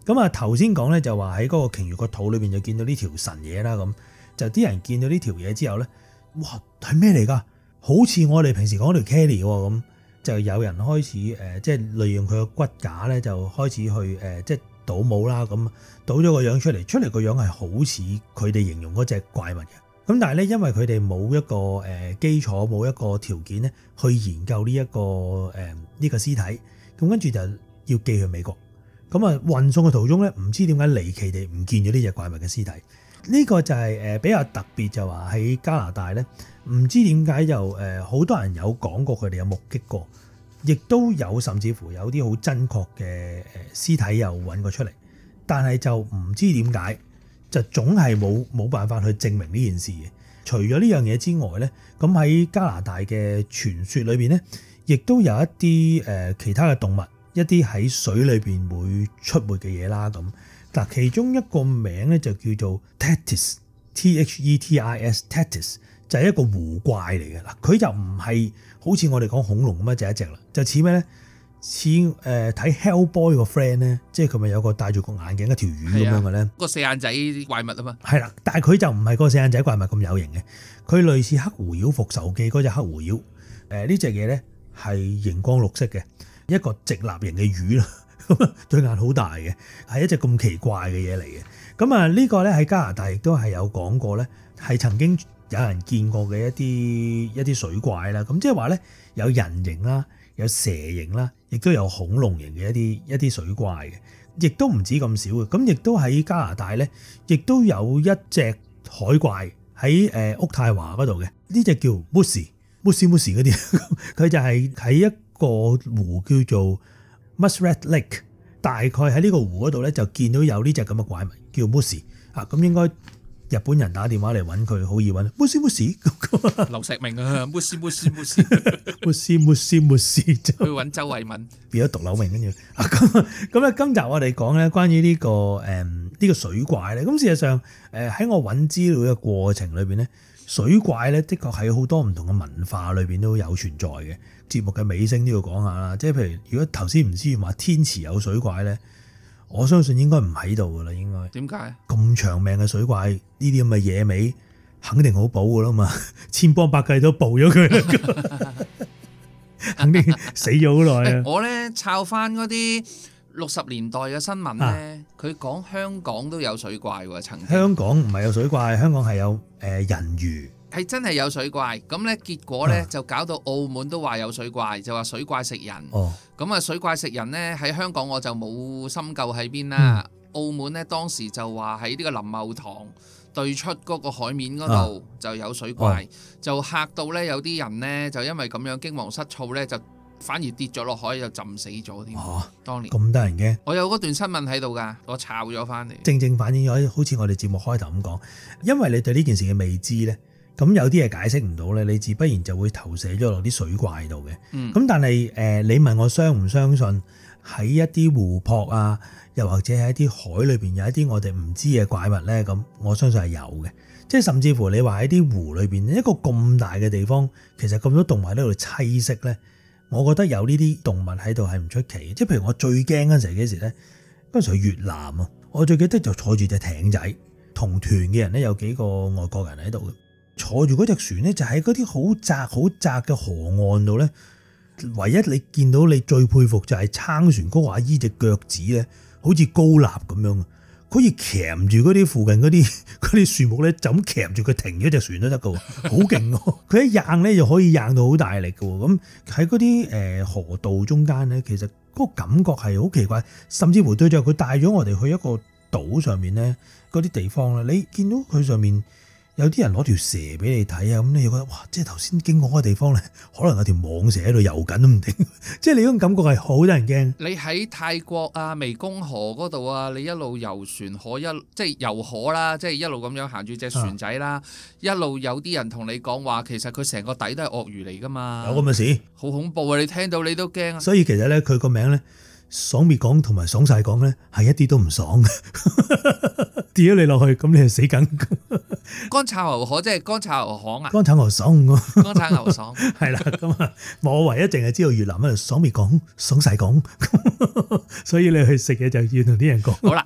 咁啊，頭先講咧就話喺嗰個鯨魚個肚裏邊就見到呢條神嘢啦，咁就啲人見到呢條嘢之後咧，哇係咩嚟㗎？好似我哋平時講條 Kenny 喎，咁就有人開始誒，即係利用佢個骨架咧，就開始去誒，即係倒模啦，咁倒咗個樣出嚟，出嚟個樣係好似佢哋形容嗰隻怪物嘅。咁但係咧，因為佢哋冇一個誒基礎，冇一個條件咧，去研究呢、誒、一個呢、呢個屍體，咁跟住就要寄去美國。咁啊，運送嘅途中咧，唔知點解離奇地唔見咗呢隻怪物嘅屍體。呢個就係誒比較特別，就話喺加拿大咧，唔知點解就誒，好多人有講過佢哋有目擊過，亦都有甚至乎有啲好真確嘅誒屍體又揾過出嚟，但係就唔知點解，就總係冇冇辦法去證明呢件事嘅。除咗呢樣嘢之外咧，咁喺加拿大嘅傳說裏邊咧，亦都有一啲誒、呃，其他嘅動物。一啲喺水裏邊會出沒嘅嘢啦，咁嗱，其中一個名咧就叫做 Tetis，T H E T I S Tetis，就係一個湖怪嚟嘅。嗱，佢就唔係好似我哋講恐龍咁樣，就一隻啦，就似咩咧？似誒睇 Hellboy 個 friend 咧，即係佢咪有個戴住個眼鏡一條魚咁樣嘅咧？啊四啊、個四眼仔怪物啊嘛。係啦，但係佢就唔係個四眼仔怪物咁有型嘅，佢類似黑狐妖復仇記嗰隻黑狐妖。誒、呃，呢隻嘢咧係熒光綠色嘅。一個直立型嘅魚啦，咁對眼好大嘅，係一隻咁奇怪嘅嘢嚟嘅。咁啊，呢個咧喺加拿大亦都係有講過咧，係曾經有人見過嘅一啲一啲水怪啦。咁即係話咧，有人形啦，有蛇形啦，亦都有恐龍形嘅一啲一啲水怪嘅，亦都唔止咁少嘅。咁亦都喺加拿大咧，亦都有一隻海怪喺誒渥太華嗰度嘅，呢隻叫 Mossy Mossy Mossy 嗰啲，佢就係喺一個湖叫做 Muskrat Lake，大概喺呢個湖嗰度咧就見到有呢隻咁嘅怪物，叫 Musi 啊，咁應該日本人打電話嚟搵佢，好易搵 Musi Musi，劉錫明啊，Musi Musi Musi Musi Musi Musi，去搵周慧敏，變咗獨流明，跟住咁咁咧。今集我哋講咧關於呢個誒呢個水怪咧，咁事實上誒喺我搵資料嘅過程裏邊咧。水怪咧，的確係好多唔同嘅文化裏面都有存在嘅。節目嘅尾聲都要講下啦，即係譬如如果頭先唔知話天池有水怪咧，我相信應該唔喺度噶啦，應該。點解咁長命嘅水怪，呢啲咁嘅野味肯定好補噶啦嘛，千方百計都捕咗佢， 肯定死咗好耐啊！我咧抄翻嗰啲。六十年代嘅新聞呢，佢講香港都有水怪喎、啊。曾香港唔係有水怪，香港係有誒人魚，係真係有水怪。咁呢結果呢，就搞到澳門都話有水怪，就話水怪食人。咁、哦、啊，水怪食人呢，喺香港我就冇深究喺邊啦。澳門呢，當時就話喺呢個林茂塘對出嗰個海面嗰度就有水怪，哦哦、就嚇到呢。有啲人呢，就因為咁樣驚惶失措呢。就。反而跌咗落海就浸死咗添、哦。當年咁得人驚，我有嗰段新聞喺度㗎，我抄咗翻嚟，正正反映咗好似我哋節目開頭咁講，因為你對呢件事嘅未知咧，咁有啲嘢解釋唔到咧，你自不然就會投射咗落啲水怪度嘅。咁、嗯、但係你問我相唔相信喺一啲湖泊啊，又或者喺啲海裏面有一啲我哋唔知嘅怪物咧，咁我相信係有嘅。即係甚至乎你話喺啲湖裏面一個咁大嘅地方，其實咁多動物喺度棲息咧。我覺得有呢啲動物喺度係唔出奇嘅，即係譬如我最驚嗰陣時幾時咧？嗰時去越南啊，我最記得就坐住隻艇仔，同團嘅人咧有幾個外國人喺度，坐住嗰隻船咧就喺嗰啲好窄好窄嘅河岸度咧，唯一你見到你最佩服就係撐船嗰個阿姨隻腳趾咧，好似高立咁樣啊！可以騎住嗰啲附近嗰啲嗰啲樹木咧，就咁騎住佢停咗隻船都得㗎喎，好勁喎！佢一掟咧就可以掟到好大力㗎喎。咁喺嗰啲誒河道中間咧，其實嗰個感覺係好奇怪，甚至乎對住佢帶咗我哋去一個島上面咧，嗰啲地方咧，你見到佢上面。有啲人攞條蛇俾你睇啊，咁你又覺得哇！即係頭先經過嗰個地方咧，可能有條蟒蛇喺度游緊都唔定，即係你嗰種感覺係好得人驚。你喺泰國啊湄公河嗰度啊，你一路遊船河一即係遊河啦，即係一路咁樣行住隻船仔啦，啊、一路有啲人同你講話，其實佢成個底都係鱷魚嚟噶嘛。有咁嘅事？好恐怖啊！你聽到你都驚啊！所以其實咧，佢個名咧。爽滅講同埋爽晒講咧，係一啲都唔爽嘅。跌咗你落去，咁你就死梗。乾炒牛河即係乾炒牛河啊！乾炒牛爽啊！乾炒牛爽係啦。 咁啊，我唯一淨係知道越南咧，爽滅講、爽晒講， 所以你去食嘢就要同啲人講。好啦，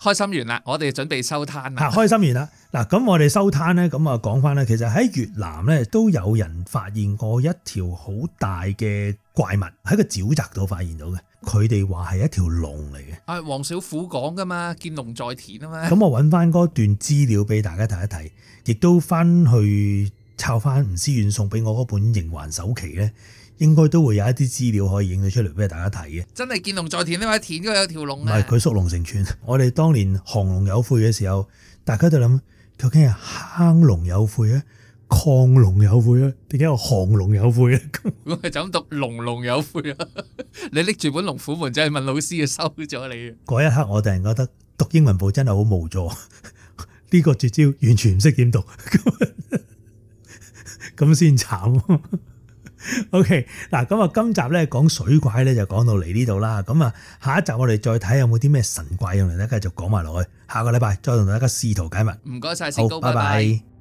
開心完啦，我哋準備收攤啦。開心完啦，嗱咁我哋收攤咧，咁啊講翻咧，其實喺越南咧都有人發現過一條好大嘅怪物，喺個沼澤度發現到嘅。佢哋話係一條龍嚟嘅，黃小虎講噶嘛，見龍在田啊嘛。咁我揾翻嗰段資料俾大家睇一睇，亦都翻去抄翻吳思遠送俾我嗰本《營環首期》咧，應該都會有一啲資料可以影咗出嚟俾大家睇嘅。真係見龍在田呢，話田嗰度有條龍，唔係佢縮龍成寸，我哋當年降龍有悔嘅時候，大家都諗究竟係坑龍有悔啊？亢龍有悔啊？點解我降龍有悔咧？我係就咁讀龍龍有悔啊！你拎住本龍虎門就係問老師要收咗你。嗰一刻我突然覺得讀英文簿真係好無助。呢個絕招完全唔識點讀，咁咁先慘。OK，嗱，咁啊，今集咧講水怪咧就講到嚟呢度啦。咁啊，下一集我哋再睇有冇啲咩神怪用嚟咧，繼續講埋落去。下個禮拜再同大家試圖解密。唔該晒，成功，拜拜。